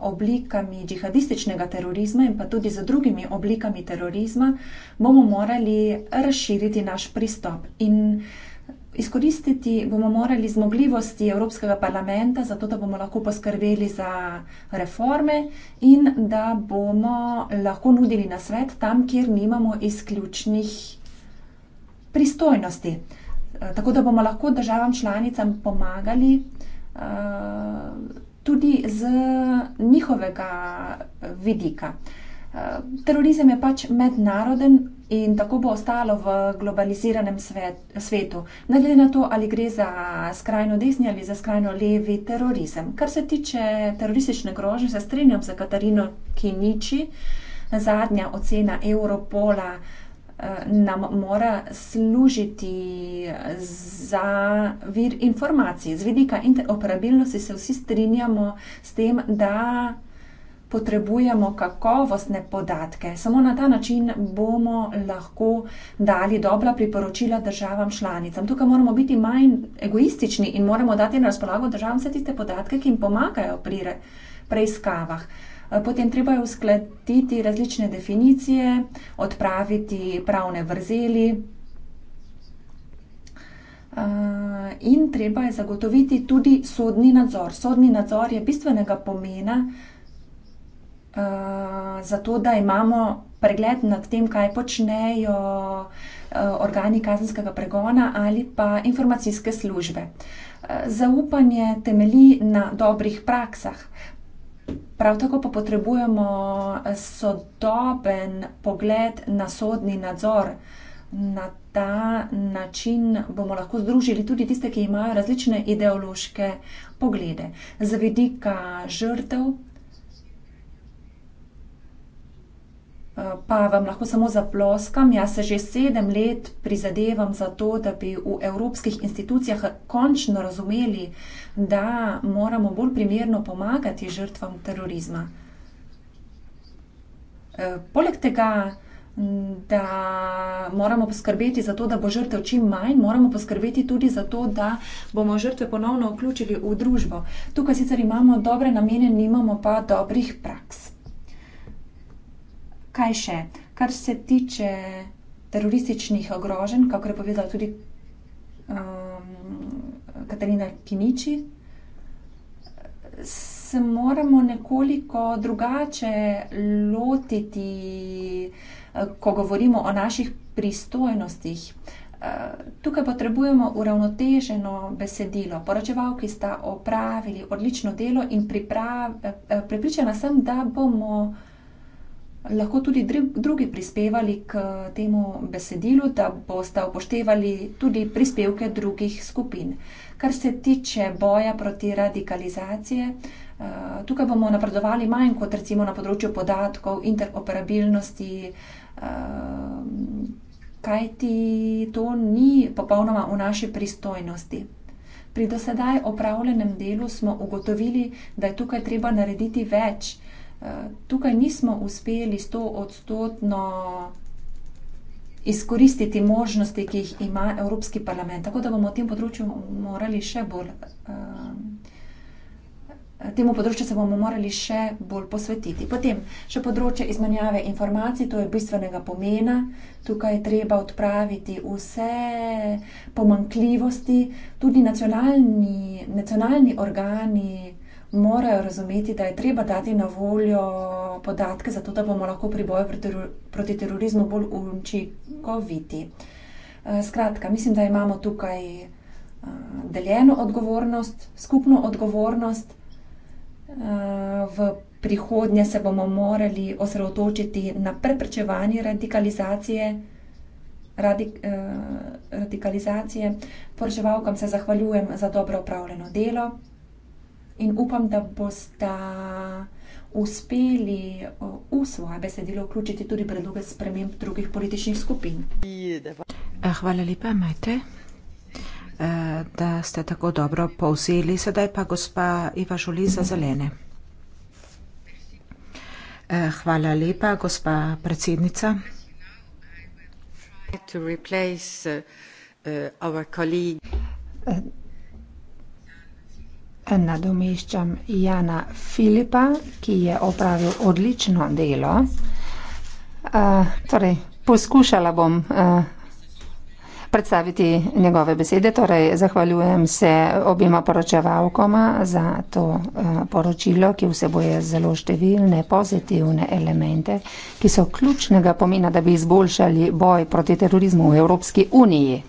oblikami džihadističnega terorizma in pa tudi z drugimi oblikami terorizma, bomo morali razširiti naš pristop in izkoristiti bomo morali zmogljivosti Evropskega parlamenta, zato da bomo lahko poskrbeli za reforme in da bomo lahko nudili na svet tam, kjer nimamo izključnih pristojnosti. Tako da bomo lahko državam članicam pomagali, Eh, tudi z njihovega eh, vidika. Eh, terorizem je pač mednaroden in tako bo ostalo v globaliziranem svet, svetu, ne glede na to, ali gre za skrajno desni ali za skrajno levi terorizem. Kar se tiče teroristične grožnje, se strinjam z Katarino Kiniči, zadnja ocena Europola. Eh, nam mora služiti za vir informacij. Z vidika interoperabilnosti se vsi strinjamo s tem, da potrebujemo kakovostne podatke. Samo na ta način bomo lahko dali dobra priporočila državam članicam. Tukaj moramo biti manj egoistični in moramo dati na razpolago državam vse tiste podatke, ki jim pomagajo pri preiskavah. Eh, potem treba je uskladiti različne definicije, odpraviti pravne vrzeli. Eh, in treba je zagotoviti tudi sodni nadzor. Sodni nadzor je bistvenega pomena, eh, zato da imamo pregled nad tem, kaj počnejo organi kazenskega pregona ali pa informacijske službe. Zaupanje temelji na dobrih praksah. Prav tako pa potrebujemo eh, sodoben pogled na sodni nadzor. Na ta način bomo lahko združili tudi tiste, ki imajo različne ideološke poglede. Z vidika žrtev, Eh, pa vam lahko samo zaploskam. Jaz se že sedem let prizadevam za to, da bi v evropskih institucijah končno razumeli, da moramo bolj primerno pomagati žrtvam terorizma. Eh, poleg tega, da moramo poskrbeti za to, da bo žrtev čim manj, moramo poskrbeti tudi za to, da bomo žrtve ponovno vključili v družbo. Tukaj sicer imamo dobre namene, nimamo pa dobrih praks kaj še? Kar se tiče terorističnih ogrožen, kako je povedala tudi um, Katarina Kiniči, se moramo nekoliko drugače lotiti, eh, ko govorimo o naših pristojnostih. Eh, tukaj potrebujemo uravnoteženo besedilo. Poročevalki sta opravili odlično delo in priprav, eh, pripričana sem, da bomo lahko tudi drugi prispevali k temu besedilu, da boste upoštevali tudi prispevke drugih skupin. Kar se tiče boja proti radikalizaciji, eh, tukaj bomo napredovali manj kot recimo na področju podatkov, interoperabilnosti, eh, kajti to ni popolnoma v naši pristojnosti. Pri dosedaj opravljenem delu smo ugotovili, da je tukaj treba narediti več tukaj nismo uspeli sto odstotno izkoristiti možnosti, ki jih ima Evropski parlament. Tako da bomo v tem področju morali še bolj, um, temu področju se bomo morali še bolj posvetiti. Potem še področje izmenjave informacij, to je bistvenega pomena. Tukaj je treba odpraviti vse pomankljivosti, tudi nacionalni, nacionalni organi morajo razumeti, da je treba dati na voljo podatke, zato da bomo lahko pri boju proti terorizmu bolj učinkoviti. Eh, skratka, mislim, da imamo tukaj eh, deljeno odgovornost, skupno odgovornost. Eh, v prihodnje se bomo morali osredotočiti na preprečevanje radikalizacije. Radik, eh, radikalizacije. Poroževalkam se zahvaljujem za dobro upravljeno delo in upam, da boste uspeli v svoje besedilo vključiti tudi predloge sprememb drugih političnih skupin. Eh, hvala lepa, Majte, eh, da ste tako dobro povzeli. Sedaj pa gospa Iva Žuli za zelene. Eh, hvala lepa, gospa predsednica. To replace uh, uh, our colleague. Uh nadomeščam Jana Filipa, ki je opravil odlično delo. Uh, torej, poskušala bom uh, predstaviti njegove besede. Torej, zahvaljujem se obima poročevalkoma za to uh, poročilo, ki vseboje zelo številne pozitivne elemente, ki so ključnega pomena, da bi izboljšali boj proti terorizmu v Evropski uniji.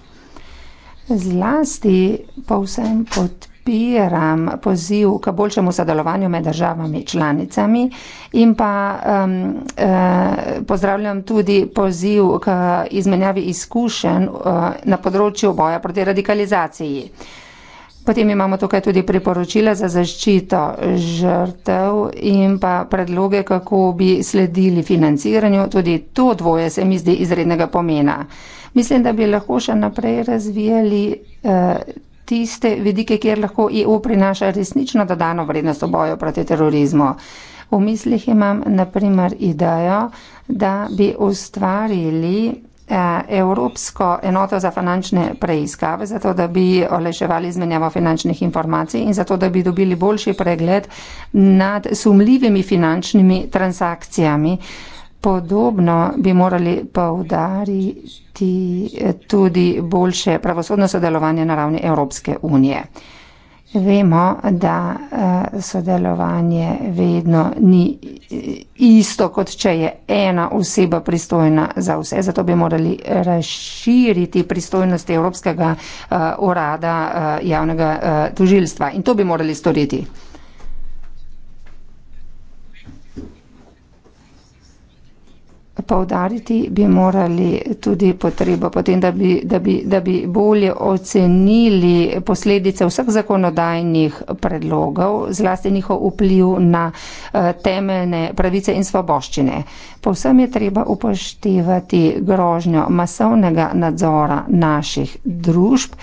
Zlasti pa vsem podpiram podpiram poziv k boljšemu sodelovanju med državami članicami in pa um, eh, pozdravljam tudi poziv k izmenjavi izkušenj eh, na področju boja proti radikalizaciji. Potem imamo tukaj tudi priporočila za zaščito žrtev in pa predloge, kako bi sledili financiranju. Tudi to dvoje se mi zdi izrednega pomena. Mislim, da bi lahko še naprej razvijali. Eh, tiste vidike, kjer lahko EU prinaša resnično dodano vrednost v boju proti terorizmu. V mislih imam naprimer idejo, da bi ustvarili eh, Evropsko enoto za finančne preiskave, zato da bi olajševali izmenjavo finančnih informacij in zato da bi dobili boljši pregled nad sumljivimi finančnimi transakcijami. Podobno bi morali povdariti tudi boljše pravosodno sodelovanje na ravni Evropske unije. Vemo, da eh, sodelovanje vedno ni eh, isto, kot če je ena oseba pristojna za vse. Zato bi morali razširiti pristojnosti Evropskega eh, urada javnega tužilstva in to bi morali storiti. poudariti bi morali tudi potrebo potem, da bi, da bi, da bi bolje ocenili posledice vseh zakonodajnih predlogov, zlasti njihov vpliv na eh, temeljne pravice in svoboščine. Povsem je treba upoštevati grožnjo masovnega nadzora naših družb.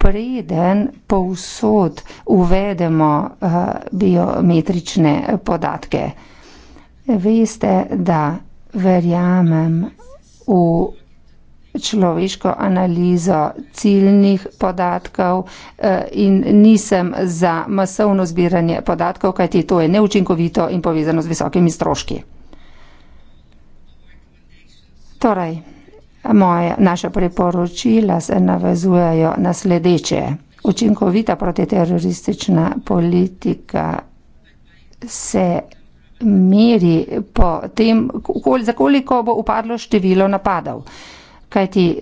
Preden povsod uvedemo uh, biometrične podatke, veste, da verjamem v človeško analizo ciljnih podatkov eh, in nisem za masovno zbiranje podatkov, kajti to je neučinkovito in povezano z visokimi stroški. Torej, moje, naša priporočila se navezujejo na sledeče. Učinkovita protiteroristična politika se meri po tem, za koliko bo upadlo število napadov. Kajti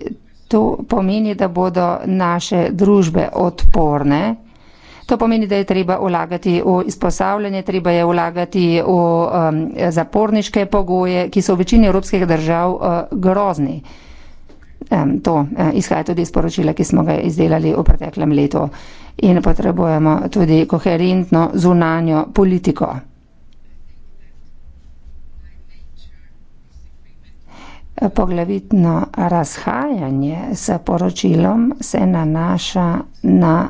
to pomeni, da bodo naše družbe odporne. To pomeni, da je treba vlagati v izposabljanje, treba je vlagati v um, zaporniške pogoje, ki so v večini evropskih držav uh, grozni. Um, to uh, izhaja tudi iz poročila, ki smo ga izdelali v preteklem letu. In potrebujemo tudi koherentno zunanjo politiko. Poglavitno razhajanje s poročilom se nanaša na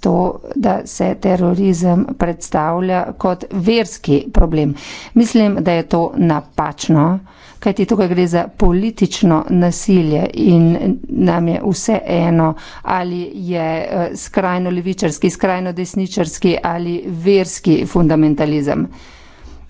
to, da se terorizem predstavlja kot verski problem. Mislim, da je to napačno, kajti tukaj gre za politično nasilje in nam je vse eno, ali je eh, skrajno levičarski, skrajno desničarski ali verski fundamentalizem.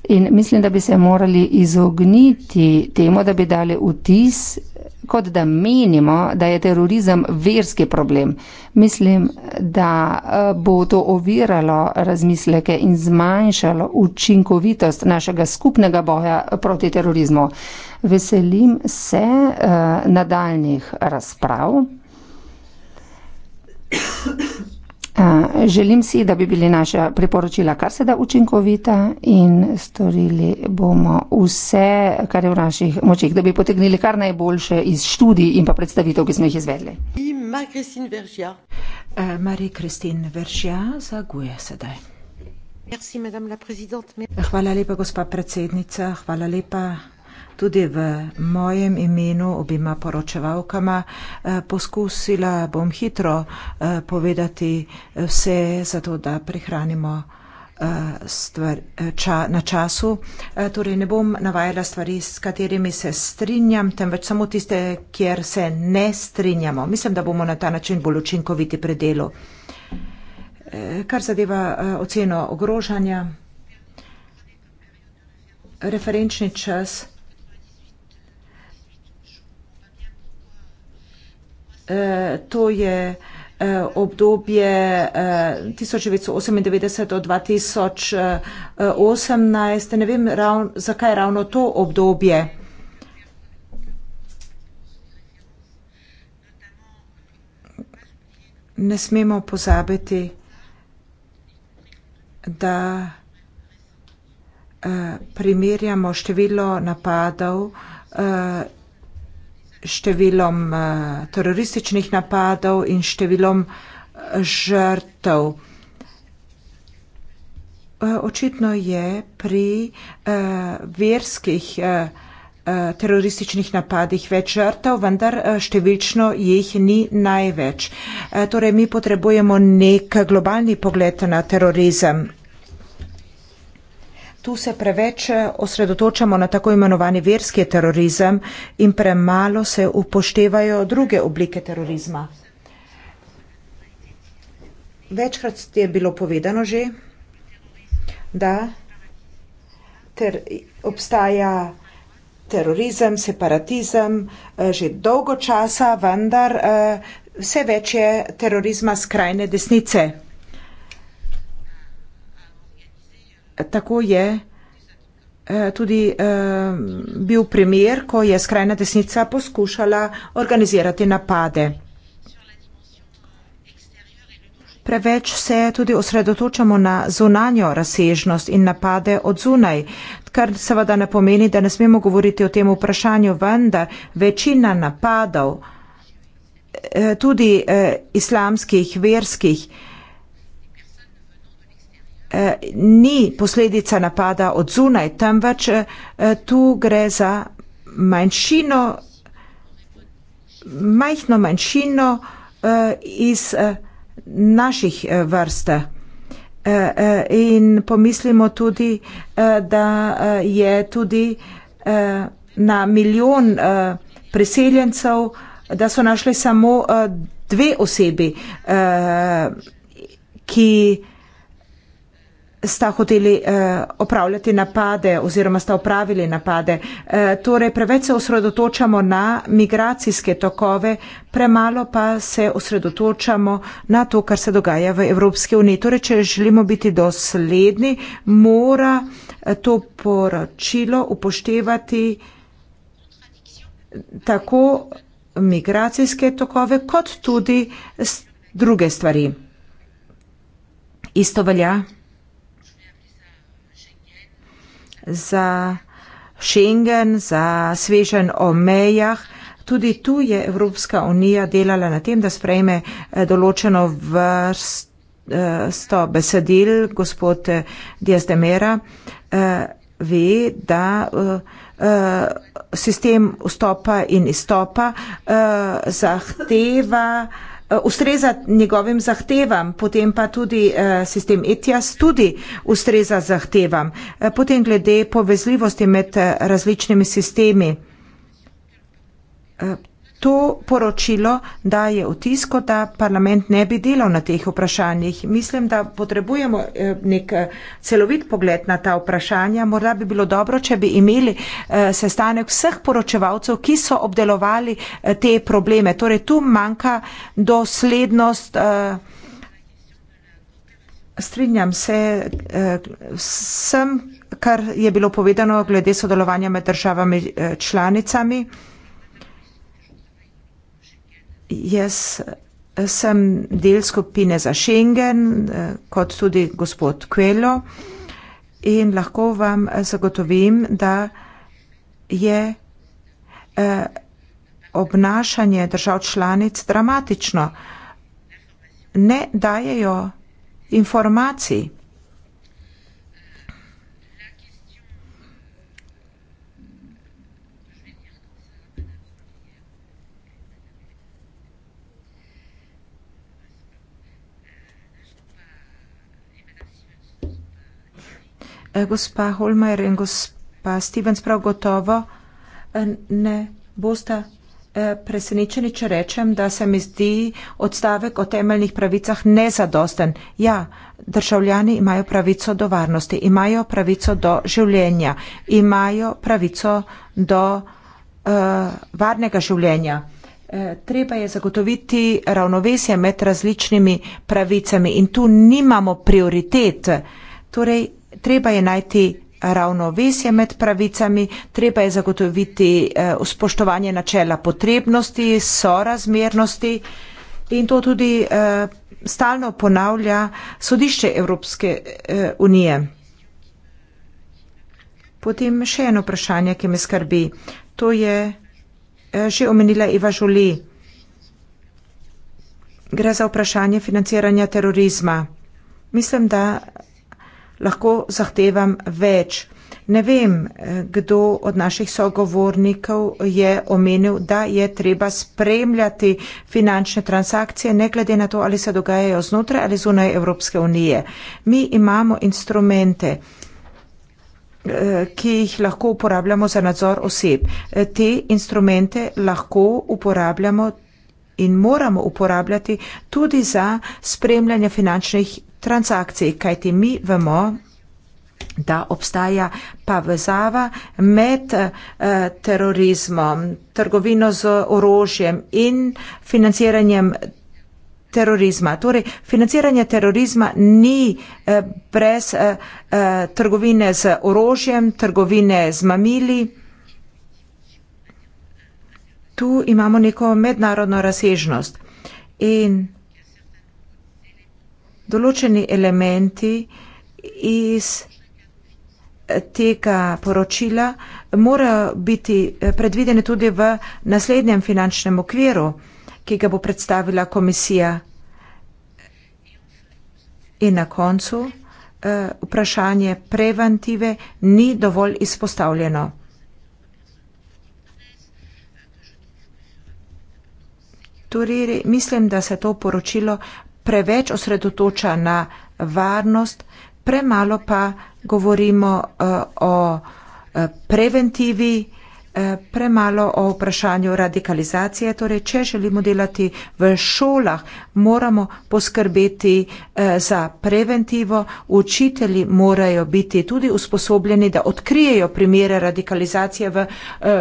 In mislim, da bi se morali izogniti temu, da bi dali vtis, kot da menimo, da je terorizem verski problem. Mislim, da eh, bo to oviralo razmisleke in zmanjšalo učinkovitost našega skupnega boja eh, proti terorizmu. Veselim se uh, eh, nadaljnih razprav. Eh, želim si, da bi bili naša priporočila kar se da učinkovita in storili bomo vse, kar je v naših močih, da bi potegnili kar najboljše iz študij in pa predstavitev, ki smo jih izvedli. Eh, hvala lepa, gospa predsednica, hvala lepa tudi v mojem imenu obima poročevalkama. Eh, poskusila bom hitro eh, povedati eh, vse, zato da prihranimo stvar, ča, na času. Torej ne bom navajala stvari, s katerimi se strinjam, temveč samo tiste, kjer se ne strinjamo. Mislim, da bomo na ta način bolj učinkoviti pri delu. Kar zadeva oceno ogrožanja, referenčni čas Eh, to je eh, obdobje 1998 eh, do 2018. Ne vem, ravno, zakaj je ravno to obdobje. Ne smemo pozabiti, da primerjamo število napadov številom eh, terorističnih napadov in številom eh, žrtev. Eh, očitno je pri verskih terorističnih napadih več žrtev, vendar številčno jih ni največ. Torej, mi potrebujemo nek globalni pogled na terorizem tu se preveč eh, osredotočamo na tako imenovani verski terorizem in premalo se upoštevajo druge oblike terorizma. Večkrat je bilo povedano že, da ter obstaja terorizem, separatizem eh, že dolgo časa, vendar eh, vse več je terorizma skrajne desnice. tako je eh, tudi eh, bil primer, ko je skrajna desnica poskušala organizirati napade. Preveč se tudi osredotočamo na zunanjo razsežnost in napade od zunaj, kar seveda ne pomeni, da ne smemo govoriti o tem vprašanju, vendar večina napadov, eh, tudi islamskih, verskih, Eh, ni posledica napada od zunaj, temveč eh, tu gre za manjšino, majhno manjšino eh, iz naših vrst. In pomislimo tudi, da je tudi na milijon priseljencev, da so našli samo dve osebi, ki sta hoteli uh, opravljati napade oziroma sta opravili napade. Uh, torej, preveč se osredotočamo na migracijske tokove, premalo pa se osredotočamo na to, kar se dogaja v Evropski uniji. Torej, če želimo biti dosledni, mora eh, to poročilo upoštevati tako migracijske tokove, kot tudi druge stvari. Isto velja za Schengen, za svežen o mejah. Tudi tu je Evropska unija delala na tem, da sprejme eh, določeno vrsto eh, besedil. Gospod eh, Diaz de Mera ve, da sistem vstopa in izstopa zahteva Eh, ustreza njegovim zahtevam, potem pa tudi eh, sistem ETIAS tudi ustreza zahtevam, eh, potem glede povezljivosti med različnimi sistemi. To poročilo daje vtis, da parlament ne bi delal na teh vprašanjih. Mislim, da potrebujemo eh, nek eh, celovit pogled na ta vprašanja. Morda bi bilo dobro, če bi imeli eh, sestanek vseh poročevalcev, ki so obdelovali te probleme. Torej, tu manjka doslednost. Strinjam se vsem, kar je bilo povedano glede sodelovanja med državami članicami. Jaz eh, sem del skupine za Schengen, eh, kot tudi gospod Kvelo in lahko vam eh, zagotovim, da je obnašanje držav članic dramatično. Ne dajejo informacij. Eh, gospa Holmer in gospa Stevens prav gotovo eh, ne bosta eh, presenečeni, če rečem, da se mi zdi odstavek o temeljnih pravicah nezadosten. Ja, državljani imajo pravico do varnosti, imajo pravico do življenja, imajo pravico do uh, varnega življenja. Treba je zagotoviti ravnovesje med različnimi pravicami in tu nimamo prioritet. Torej, treba je najti ravnovesje med pravicami, treba je zagotoviti eh, spoštovanje načela potrebnosti, sorazmernosti in to tudi eh, stalno ponavlja sodišče Evropske eh, unije. Potem še eno vprašanje, ki me skrbi. To je že omenila Iva Žuli. Gre za vprašanje financiranja terorizma. Mislim, da lahko zahtevam več. Ne vem, eh, kdo od naših sogovornikov je omenil, da je treba spremljati finančne transakcije, ne glede na to, ali se dogajajo znotraj ali zunaj Evropske unije. Mi imamo instrumente, eh, ki jih lahko uporabljamo za nadzor oseb. Eh, te instrumente lahko uporabljamo. In moramo uporabljati tudi za spremljanje finančnih transakciji, kajti mi vemo, da obstaja povezava med eh, terorizmom, trgovino z orožjem in financiranjem terorizma. Torej, financiranje terorizma ni eh, brez eh, trgovine z orožjem, trgovine z mamili. Tu imamo neko mednarodno razsežnost. In določeni elementi iz tega poročila morajo biti eh, predvideni tudi v naslednjem finančnem okviru, ki ga bo predstavila komisija. In na koncu eh, vprašanje preventive ni dovolj izpostavljeno. Torej, mislim, da se to poročilo preveč osredotoča na varnost, premalo pa govorimo eh, o eh, preventivi, eh, premalo o vprašanju radikalizacije. Torej, če želimo delati v šolah, moramo poskrbeti za preventivo. Učitelji morajo biti tudi usposobljeni, da odkrijejo primere radikalizacije v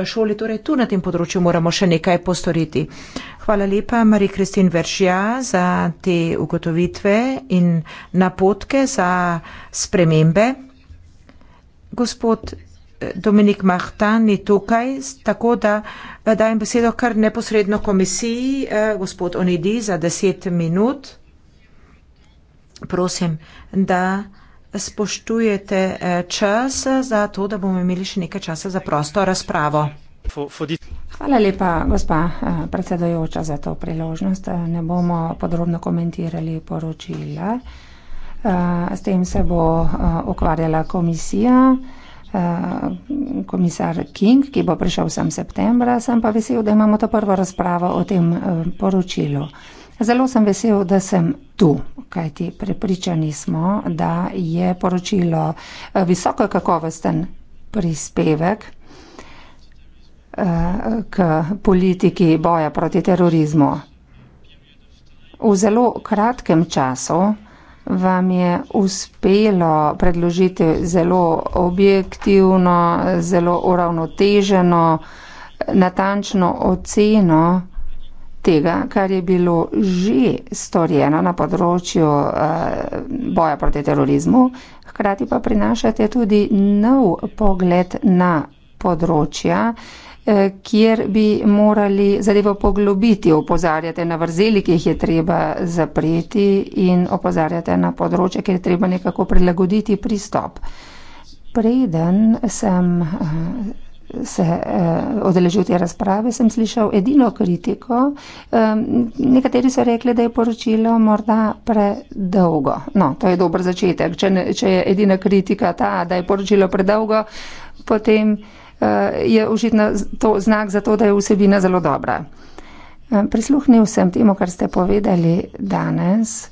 šoli. Torej, tu na tem področju moramo še nekaj postoriti. Hvala lepa, Marija Kristin Veržja, za te ugotovitve in napotke za spremembe. Gospod eh, Dominik Mahtan je tukaj, tako da eh, dajem besedo kar neposredno komisiji, eh, gospod Onidi, za deset minut. Prosim, da spoštujete čas za to, da bomo imeli še nekaj časa za prosto razpravo. Hvala lepa, gospa eh, predsedojoča, za to priložnost. Eh, ne bomo podrobno komentirali poročila. Eh, s tem se bo ukvarjala komisija, komisar King, ki bo prišel sem septembra. Sem pa vesel, da imamo to prvo razpravo o tem poročilu. Zelo sem vesel, da sem tu, kajti prepričani smo, da je poročilo visoko kakovosten prispevek. Eh, k politiki boja proti terorizmu. V zelo kratkem času vam je uspelo predložiti zelo objektivno, zelo uravnoteženo, natančno oceno tega, kar je bilo že storjeno na področju eh, boja proti terorizmu, hkrati pa prinašate tudi nov pogled na področja, Eh, kjer bi morali zadevo poglobiti, opozarjate na vrzeli, ki jih je treba zapreti in opozarjate na področje, kjer je treba nekako prilagoditi pristop. Preden sem eh, se odeležil eh, te razprave, sem slišal edino kritiko. Nekateri so rekli, da je poročilo morda predolgo. No, to je dober začetek. Če, ne, če je edina kritika ta, da je poročilo predolgo, potem. Eh, je užitna to znak za to, da je vsebina zelo dobra. Eh, prisluhnil sem temu, kar ste povedali danes,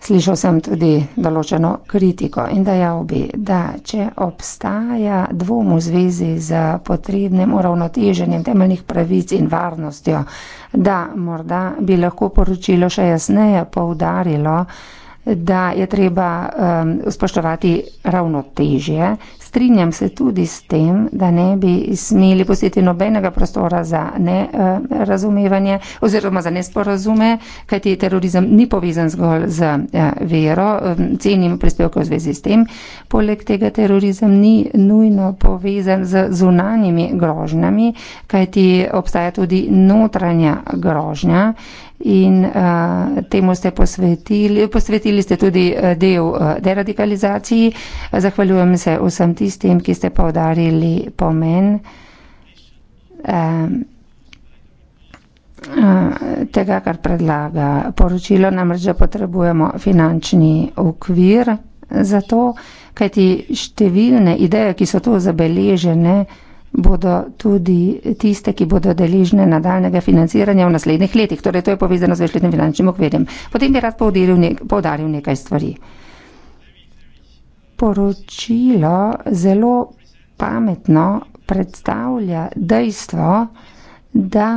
slišal sem tudi določeno kritiko in dejal bi, da če obstaja dvom v zvezi z potrebnim uravnoteženjem temeljnih pravic in varnostjo, da morda bi lahko poročilo še jasneje poudarilo, da je treba um, spoštovati ravnotežje. Strinjam se tudi s tem, da ne bi smeli pustiti nobenega prostora za nerazumevanje uh, oziroma za nesporazume, kajti terorizem ni povezan zgolj z uh, vero. Um, cenim prispevke v zvezi s tem. Poleg tega terorizem ni nujno povezan z zunanjimi grožnjami, kajti obstaja tudi notranja grožnja in uh, temu ste posvetili, posvetili ste tudi uh, del uh, deradikalizaciji. Zahvaljujem se vsem tistim, ki ste povdarili pomen uh, tega, kar predlaga poročilo. Namreč, da potrebujemo finančni okvir za to, kajti številne ideje, ki so tu zabeležene, uh, bodo tudi tiste, ki bodo deležne nadaljnega financiranja v naslednjih letih. Torej, to je povezano z večletnim finančnim okvirjem. Potem bi rad poudaril, nek poudaril nekaj stvari. Poročilo zelo pametno predstavlja dejstvo, da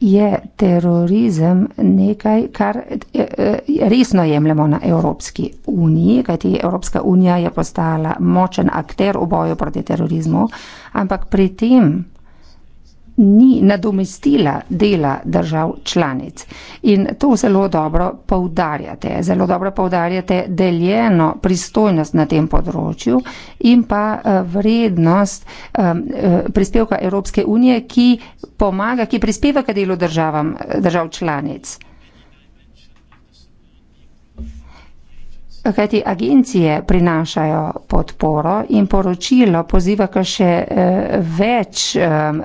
je terorizem nekaj, kar eh, eh, resno jemljemo na Evropski uniji, kajti Evropska unija je postala močen akter v boju proti terorizmu, ampak pri tem, ni nadomestila dela držav članic. In to zelo dobro povdarjate. Zelo dobro povdarjate deljeno pristojnost na tem področju in pa eh, vrednost ehm, eh, prispevka Evropske unije, ki pomaga, ki prispeva k delu državam, eh, držav članic. Kajti agencije prinašajo podporo in poročilo poziva k še več ehm,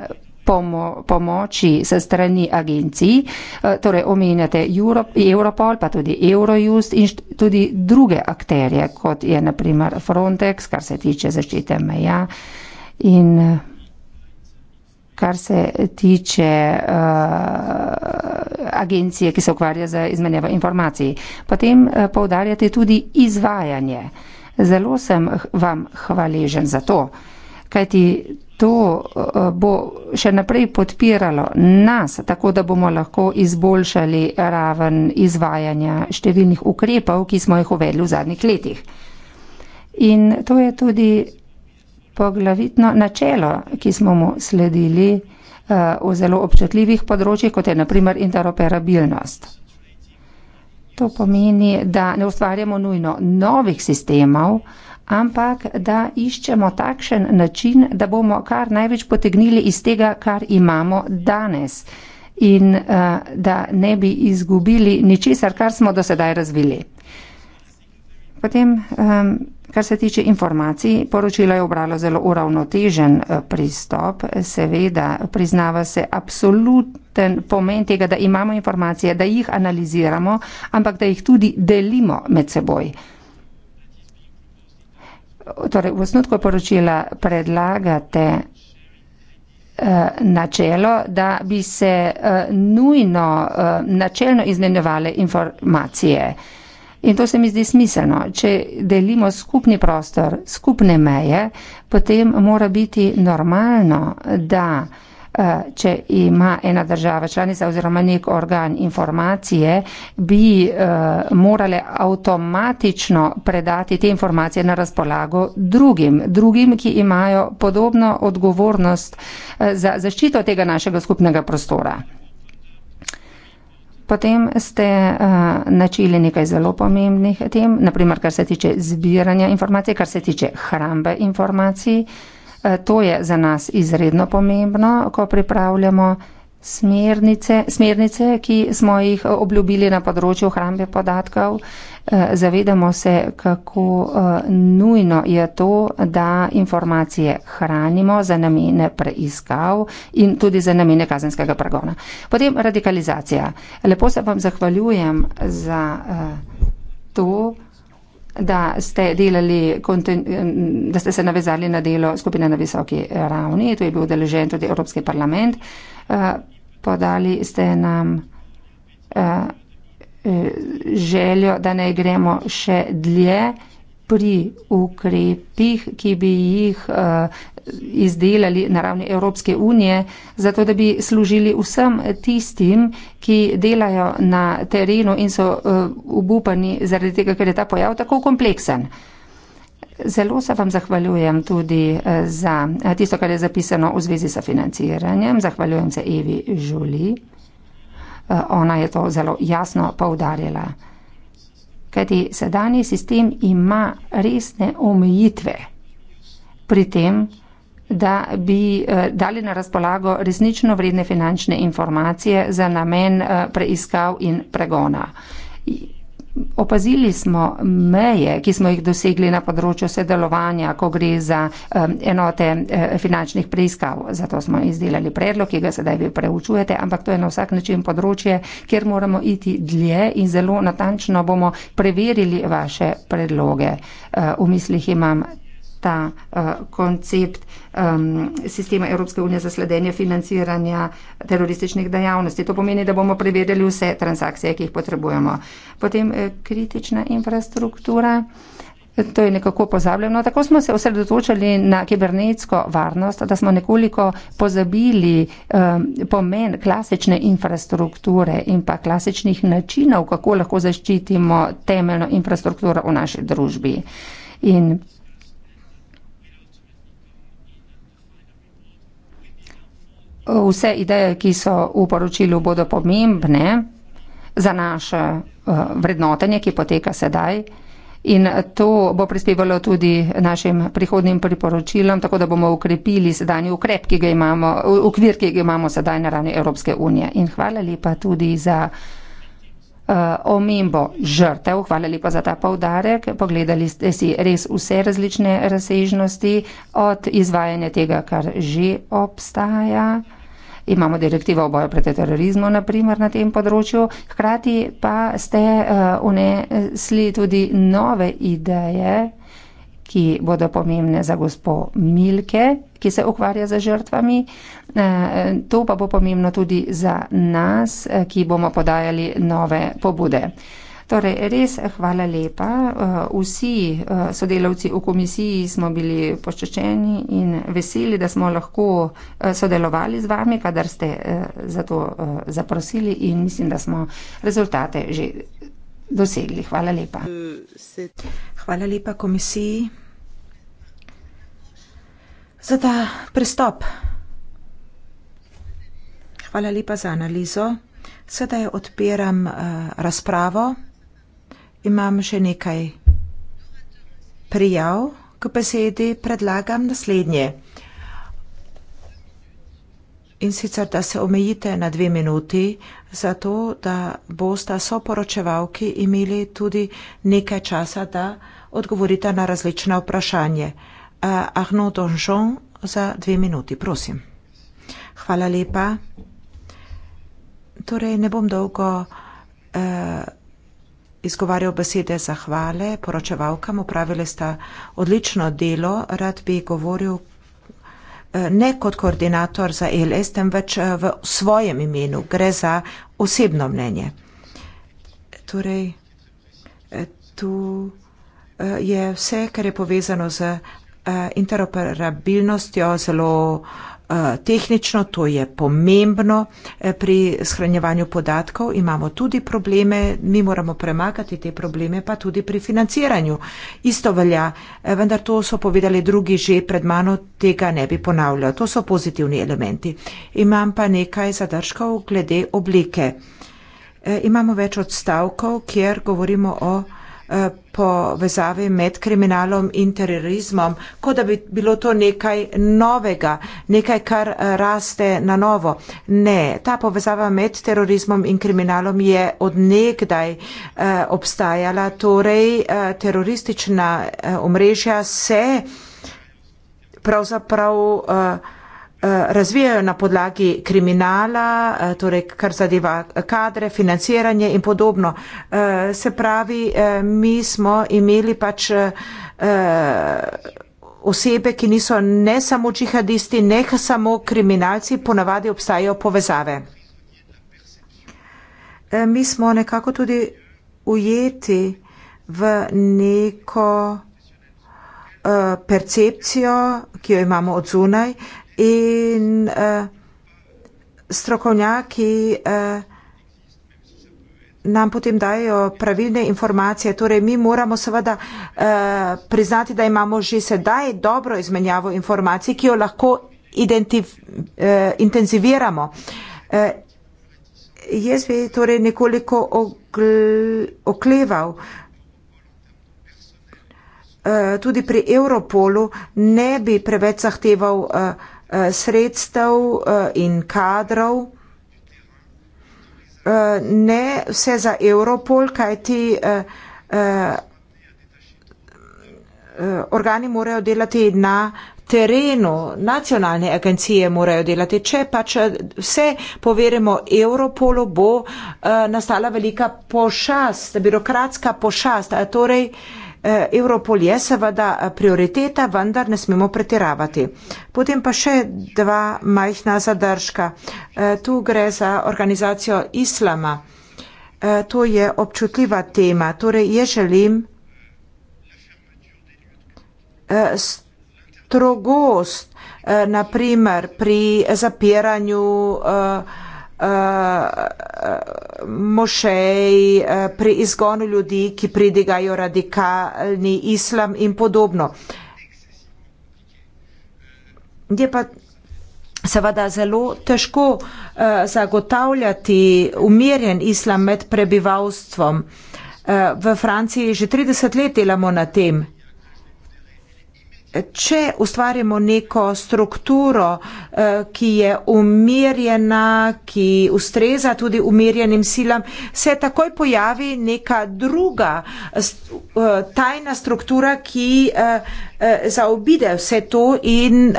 pomo pomoči se strani agencij, eh, torej omenjate Euro Europol, pa tudi Eurojust in tudi druge akterje, kot je naprimer Frontex, kar se tiče zaščite meja in eh, kar se tiče uh, agencije, ki se ukvarja za izmenjavo informacij. Potem uh, poudarjate tudi izvajanje. Zelo sem vam hvaležen za to. Uh, kajti to eh, bo še naprej podpiralo nas, tako da bomo lahko izboljšali raven izvajanja številnih ukrepov, ki smo jih uvedli v zadnjih letih. In to je tudi poglavitno načelo, ki smo mu sledili eh, v zelo občutljivih področjih, kot je naprimer interoperabilnost. To pomeni, da ne ustvarjamo nujno novih sistemov, ampak da iščemo takšen način, da bomo kar največ potegnili iz tega, kar imamo danes in uh, da ne bi izgubili ničesar, kar smo do sedaj razvili. Potem, um, kar se tiče informacij, poročilo je obralo zelo uravnotežen eh, pristop. Seveda priznava se absoluten pomen tega, da imamo informacije, da jih analiziramo, ampak da jih tudi delimo med seboj torej v osnutku poročila predlagate eh, načelo, da bi se eh, nujno eh, načelno izmenjevale informacije. In to se mi zdi smiselno. Če delimo skupni prostor, skupne meje, potem mora biti normalno, da uh, Eh, če ima ena država članica oziroma nek organ informacije, bi eh, morale avtomatično predati te informacije na razpolago drugim, drugim, ki imajo podobno odgovornost eh, za zaščito tega našega skupnega prostora. Potem ste uh, načeli nekaj zelo pomembnih tem, naprimer, kar se tiče zbiranja informacij, kar se tiče hrambe informacij. Uh, Eh, to je za nas izredno pomembno, ko pripravljamo smernice, smernice ki smo jih eh, obljubili na področju hrambe podatkov. Eh, zavedamo se, kako nujno je to, da informacije hranimo za namene preiskav in tudi za namene kazenskega pregona. Potem radikalizacija. Lepo se vam zahvaljujem za to da ste, delali, da ste se navezali na delo skupine na visoki eh, ravni, tu je bil deležen tudi Evropski parlament. Eh, podali ste nam eh, željo, da ne gremo še dlje pri ukrepih, ki bi jih izdelali na ravni Evropske unije, zato da bi služili vsem tistim, ki delajo na terenu in so eh, obupani zaradi tega, ker je ta pojav tako kompleksen. Zelo se vam zahvaljujem tudi eh, za eh, tisto, kar je zapisano v zvezi sa financiranjem. Zahvaljujem se Evi Žuli. Ona je to zelo jasno povdarjala. Kajti sedanji sistem ima resne omejitve. Pri tem da bi eh, dali na razpolago resnično vredne finančne informacije za namen eh, preiskav in pregona. Opazili smo meje, ki smo jih dosegli na področju sedelovanja, ko gre za eh, enote finančnih preiskav. Zato smo izdelali predlog, ki ga sedaj vi preučujete, ampak to je na vsak način področje, kjer moramo iti dlje in zelo natančno bomo preverili vaše predloge. V mislih imam ta uh, koncept um, sistema Evropske unije za sledenje financiranja terorističnih dejavnosti. To pomeni, da bomo preverjali vse transakcije, ki jih potrebujemo. Potem eh, kritična infrastruktura. To je nekako pozabljeno. Tako smo se osredotočali na kibernetsko varnost, da smo nekoliko pozabili um, pomen klasične infrastrukture in pa klasičnih načinov, kako lahko zaščitimo temeljno infrastrukturo v naši družbi. In vse ideje, ki so v poročilu, bodo pomembne za naše eh, vrednotenje, ki poteka sedaj. In to bo prispevalo tudi našim prihodnim priporočilom, tako da bomo ukrepili sedajni ukrep, ki ga imamo, ukvir, ki ga imamo sedaj na ravni Evropske unije. In hvala lepa tudi za. Eh, omembo žrtev. Hvala lepa za ta povdarek. Pogledali ste si res vse različne razsežnosti od izvajanja tega, kar že obstaja. Imamo direktivo o boju proti terorizmu, naprimer, na tem področju. Hkrati pa ste unesli eh, uh, tudi nove ideje uh, ki bodo pomembne za gospo Milke, ki se ukvarja z žrtvami. Eh, to pa bo pomembno tudi za nas, eh, ki bomo podajali nove pobude. Torej, res hvala lepa. Eh, vsi sodelavci v komisiji smo bili poščečeni in veseli, da smo lahko sodelovali z vami, kadar ste za to zaprosili in mislim, da smo rezultate že dosegli. Hvala lepa. Hvala lepa komisiji za ta pristop. Hvala lepa za analizo. Sedaj odpiram uh, razpravo. Imam še nekaj prijav k besedi. Predlagam naslednje. In sicer, da se omejite na dve minuti, zato da bosta soporočevalki imeli tudi nekaj časa, da odgovorita na različna vprašanja. Uh, Arno Donžon za dve minuti, prosim. Hvala lepa. Torej, ne bom dolgo uh, izgovarjal besede zahvale poročevalkam, upravili sta odlično delo, rad bi govoril. Eh, ne kot koordinator za e LS, temveč eh, v svojem imenu. Gre za osebno mnenje. Torej, tu. Eh, je vse, kar je povezano z eh, interoperabilnostjo, zelo eh, tehnično, to je pomembno pri shranjevanju podatkov. Imamo tudi probleme, mi moramo premakati te probleme, pa tudi pri financiranju. Isto velja, vendar to so povedali drugi že pred mano, tega ne bi ponavljal. To so pozitivni elementi. Imam pa nekaj zadržkov glede oblike. Imamo več odstavkov, kjer govorimo o Eh, povezave med kriminalom in terorizmom, kot da bi bilo to nekaj novega, nekaj, kar eh, raste na novo. Ne, ta povezava med terorizmom in kriminalom je odnegdaj eh, obstajala, torej teroristična omrežja se pravzaprav. A, Eh, razvijajo na podlagi kriminala, eh, torej kar zadeva kadre, financiranje in podobno. Eh, se pravi, mi smo imeli pač osebe, ki niso ne samo džihadisti, ne samo kriminalci, ponavadi obstajajo povezave. Mi smo nekako tudi ujeti v neko percepcijo, ki jo imamo od zunaj, in uh, strokovnjaki uh, nam potem dajo pravilne informacije. Torej, mi moramo seveda uh, priznati, da imamo že sedaj dobro izmenjavo informacij, ki jo lahko identif, uh, intenziviramo. Uh, jaz bi torej nekoliko okleval. Tudi pri Europolu ne bi preveč zahteval uh, Eh, sredstev eh, in kadrov. Eh, ne vse za Europol, kajti organi morajo delati na terenu, nacionalne agencije morajo delati. Če pač vse poverimo Europolu, bo nastala velika pošast, birokratska pošast. A torej, Eh, Europol je seveda prioriteta, vendar ne smemo pretiravati. Potem pa še dva majhna zadržka. Eh, tu gre za organizacijo islama. Eh, to je občutljiva tema. Torej, jaz želim strogost, naprimer, pri zapiranju uh, mošej uh, pri izgonu ljudi, ki pridigajo radikalni islam in podobno. Je pa seveda zelo težko uh, zagotavljati umirjen islam med prebivalstvom. Uh, v Franciji že 30 let delamo na tem če ustvarimo neko strukturo, eh, ki je umirjena, ki ustreza tudi umirjenim silam, se takoj pojavi neka druga eh, tajna struktura, ki eh, zaobide vse to in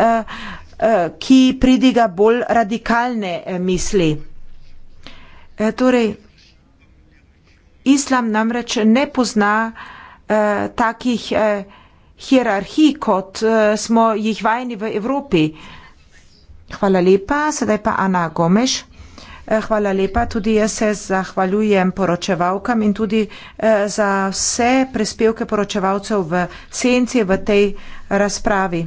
ki pridiga bolj radikalne misli. Torej, islam namreč ne pozna takih hierarhij, kot uh, smo jih vajeni v Evropi. Hvala lepa, sedaj pa Ana Gomeš. Eh, hvala lepa, tudi jaz se zahvaljujem poročevalkam in tudi uh, za vse prispevke poročevalcev v senci v tej razpravi.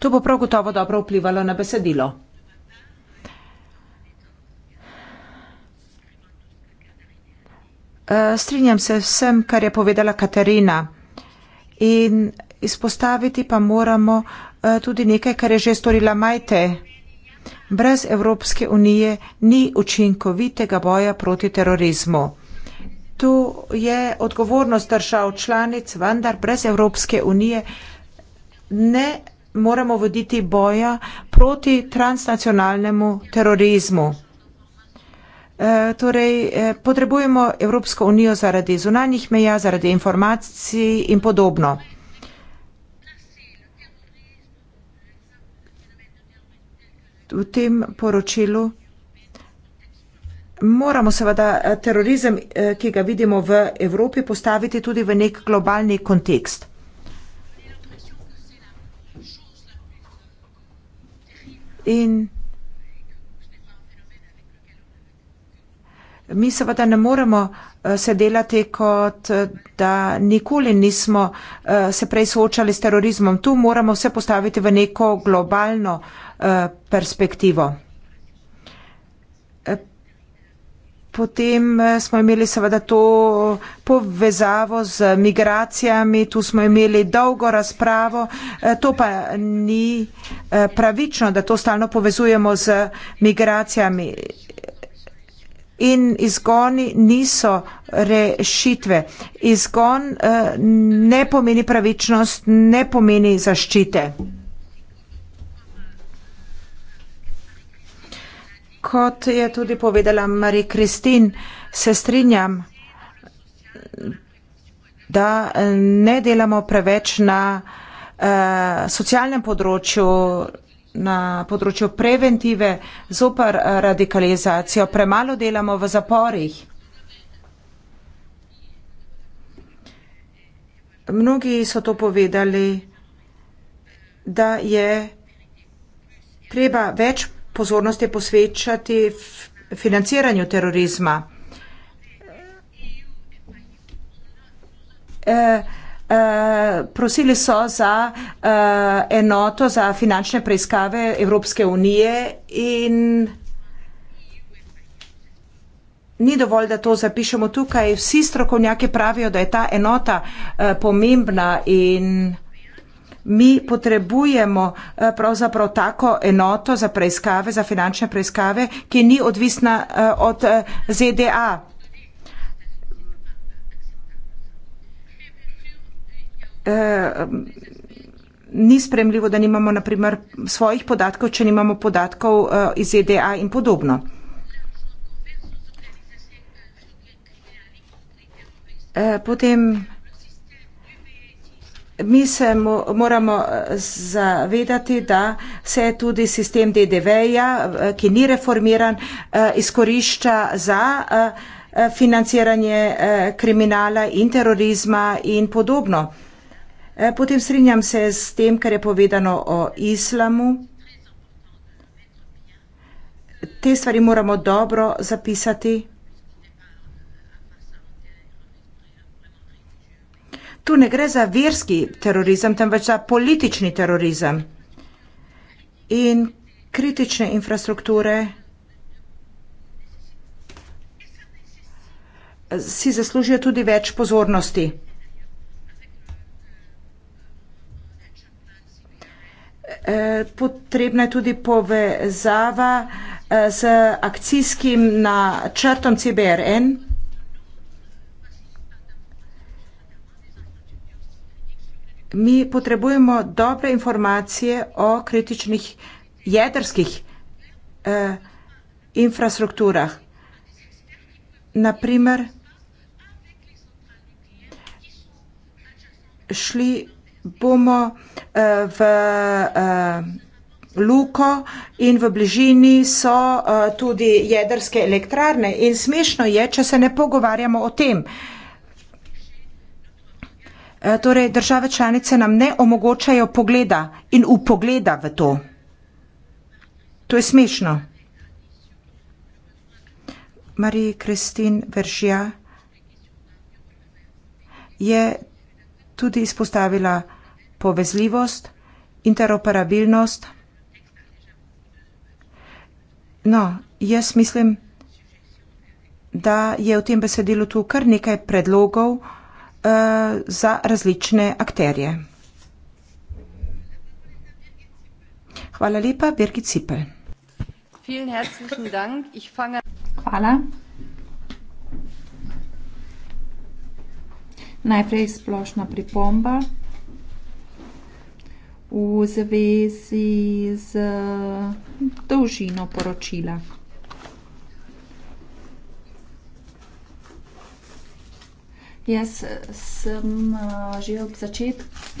To bo prav gotovo dobro vplivalo na besedilo. Eh, strinjam se vsem, kar je povedala Katarina. In izpostaviti pa moramo eh, tudi nekaj, kar je že storila Majte. Brez Evropske unije ni učinkovitega boja proti terorizmu. Tu je odgovornost držav članic, vendar brez Evropske unije ne moramo voditi boja proti transnacionalnemu terorizmu. Eh, torej eh, potrebujemo Evropsko unijo zaradi zunanjih meja, zaradi informacij in podobno. V tem poročilu moramo seveda eh, terorizem, ki ga vidimo v Evropi, postaviti tudi v nek globalni kontekst. In Mi seveda ne moremo eh, se delati, kot eh, da nikoli nismo eh, se prej soočali s terorizmom. Tu moramo vse postaviti v neko globalno perspektivo. Potem smo imeli seveda to povezavo z migracijami, tu smo imeli dolgo razpravo, to pa ni pravično, da to stalno povezujemo z migracijami in izgoni niso rešitve. Izgon uh, ne pomeni pravičnost, ne pomeni zaščite. Kot je tudi povedala Marie Kristin, se strinjam, da ne delamo preveč na uh, socialnem področju na področju preventive zopr eh, radikalizacijo. Premalo delamo v zaporih. Mnogi so to povedali, da je treba več pozornosti posvečati financiranju terorizma. E, Eh, prosili so za uh, enoto za finančne preiskave Evropske unije in ni dovolj, da to zapišemo tukaj. Vsi strokovnjaki pravijo, da je ta enota uh, pomembna in mi potrebujemo uh, pravzaprav tako enoto za preiskave, za finančne preiskave, ki ni odvisna uh, od uh, ZDA. Eh, ni spremljivo, da nimamo naprimer svojih podatkov, če nimamo podatkov eh, iz EDA in podobno. Eh, potem mi se moramo zavedati, da se tudi sistem DDV-ja, ki ni reformiran, izkorišča za financiranje kriminala in terorizma in podobno. Eh, potem strinjam se s tem, kar je povedano o islamu. Te stvari moramo dobro zapisati. Tu ne gre za verski terorizem, temveč za politični terorizem in kritične infrastrukture. Eh, si zaslužijo tudi več pozornosti. Eh, potrebna je tudi povezava z eh, akcijskim načrtom CBRN. Mi potrebujemo dobre informacije o kritičnih jedrskih eh, infrastrukturah. Naprimer, šli bomo eh, v eh, Luko in v bližini so eh, tudi jedrske elektrarne in smešno je, če se ne pogovarjamo o tem. Torej, države članice nam ne omogočajo pogleda in upogleda v to. To je smešno. Marija Kristin Veržija je tudi izpostavila povezljivost, interoperabilnost. No, jaz mislim, da je v tem besedilu tu kar nekaj predlogov uh, za različne akterje. Hvala lepa, Birgit Cipel. Hvala. Najprej splošna pripomba v zvezi z dolžino poročila. Jaz sem, eh, že ob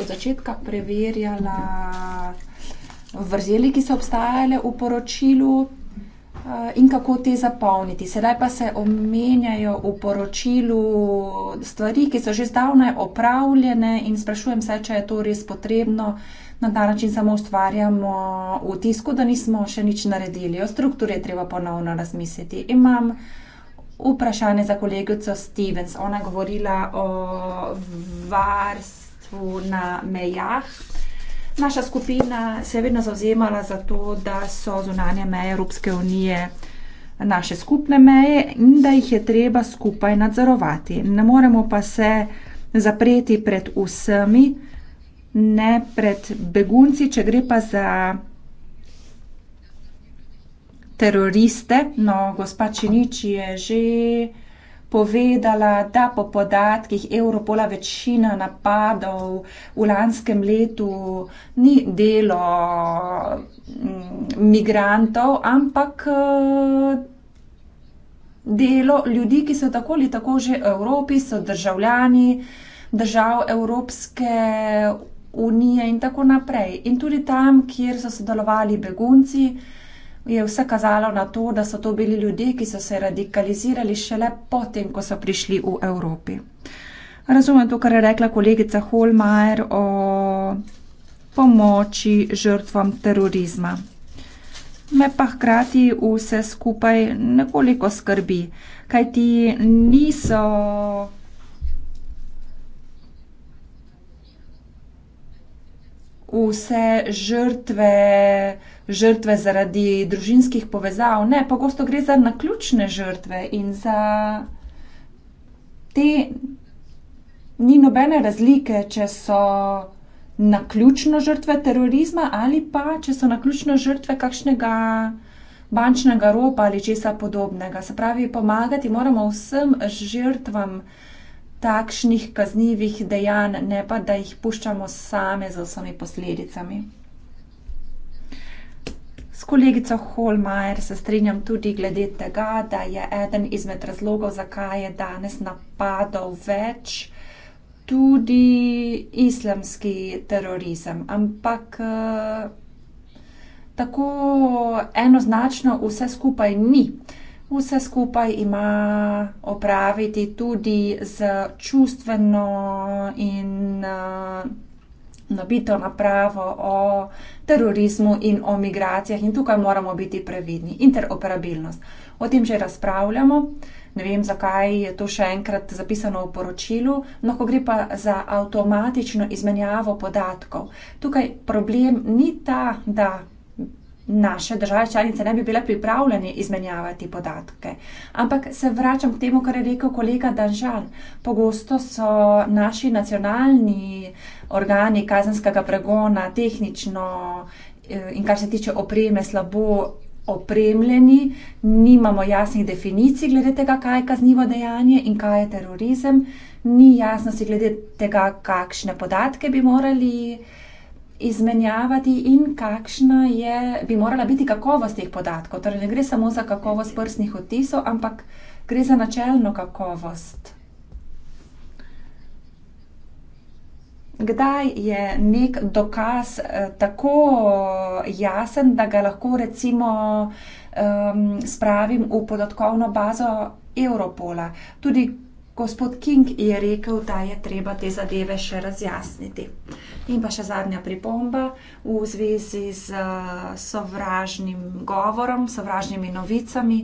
od začetka preverjala vrzeli, ki so obstajale v poročilu. Eh, in kako te zapolniti. Sedaj pa se omenjajo v poročilu stvari, ki so že zdavnaj opravljene in sprašujem se, če je to res potrebno. Na ta način samo ustvarjamo vtisku, da nismo še nič naredili. O strukturi je treba ponovno razmisliti. Imam vprašanje za kolegico Stevens. Ona je govorila o varstvu na mejah. Naša skupina se je vedno zauzemala za to, da so zunanje meje Evropske unije naše skupne meje in da jih je treba skupaj nadzorovati. Ne moremo pa se zapreti pred vsemi, ne pred begunci, če gre pa za teroriste. No, gospa Činič je že povedala, da po podatkih Evropola večina napadov v lanskem letu ni delo mm, migrantov, ampak eh, delo ljudi, ki so tako ali tako že v Evropi, so državljani držav Evropske unije in tako naprej. In tudi tam, kjer so sodelovali begunci, je vse kazalo na to, da so to bili ljudje, ki so se radikalizirali šele potem, ko so prišli v Evropi. Razumem to, kar je rekla kolegica Holmajer o pomoči žrtvam terorizma. Me pa hkrati vse skupaj nekoliko skrbi, kajti niso. vse žrtve, žrtve zaradi družinskih povezav. Ne, pogosto gre za naključne žrtve in za te ni nobene razlike, če so naključno žrtve terorizma ali pa če so naključno žrtve kakšnega bančnega ropa ali česa podobnega. Se pravi, pomagati moramo vsem žrtvam takšnih kaznjivih dejanj, ne pa da jih puščamo same z vsemi posledicami. S kolegico Holmajer se strinjam tudi glede tega, da je eden izmed razlogov, zakaj je danes napadov več, tudi islamski terorizem. Ampak eh, tako enoznačno vse skupaj ni. Vse skupaj ima opraviti tudi z čustveno in eh, nabito napravo o terorizmu in o migracijah in tukaj moramo biti previdni. Interoperabilnost. O tem že razpravljamo. Ne vem, zakaj je to še enkrat zapisano v poročilu, no, ko gre pa za avtomatično izmenjavo podatkov. Tukaj problem ni ta, da naše države članice ne bi bile pripravljene izmenjavati podatke. Ampak se vračam k temu, kar je rekel kolega Danžan. Pogosto so naši nacionalni organi kazenskega pregona tehnično eh, in kar se tiče opreme slabo opremljeni, nimamo jasnih definicij glede tega, kaj je kaznivo dejanje in kaj je terorizem, ni jasno si glede tega, kakšne podatke bi morali izmenjavati in kakšna je, bi morala biti kakovost teh podatkov. Torej ne gre samo za kakovost prstnih odtisov, ampak gre za načelno kakovost. Kdaj je nek dokaz eh, tako jasen, da ga lahko recimo um, spravim v podatkovno bazo Europola? Tudi Gospod King je rekel, da je treba te zadeve še razjasniti. In pa še zadnja pripomba v zvezi z eh, sovražnim govorom, sovražnimi novicami.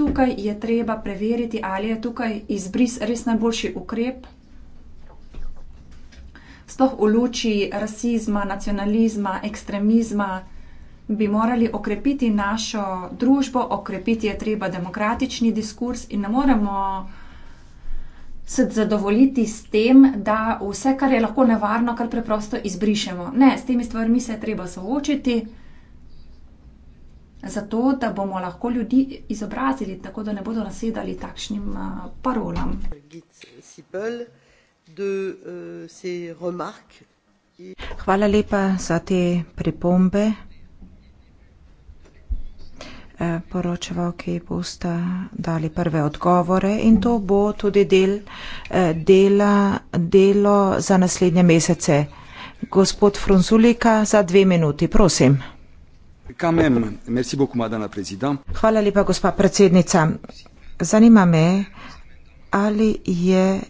Tukaj je treba preveriti, ali je tukaj izbris res najboljši ukrep. Sploh v luči rasizma, nacionalizma, ekstremizma bi morali okrepiti našo družbo, okrepiti je treba demokratični diskurs in ne moremo se zadovoljiti s tem, da vse, kar je lahko nevarno, kar preprosto izbrišemo. Ne, s temi stvarmi se je treba soočiti, zato da bomo lahko ljudi izobrazili, tako da ne bodo nasedali takšnim uh, parolam. Euh, Hvala lepa za te pripombe poročeval, ki boste dali prve odgovore in to bo tudi del, eh, dela, delo za naslednje mesece. Gospod Frunzulika, za dve minuti, prosim. Hvala lepa, gospa predsednica. Zanima me, ali je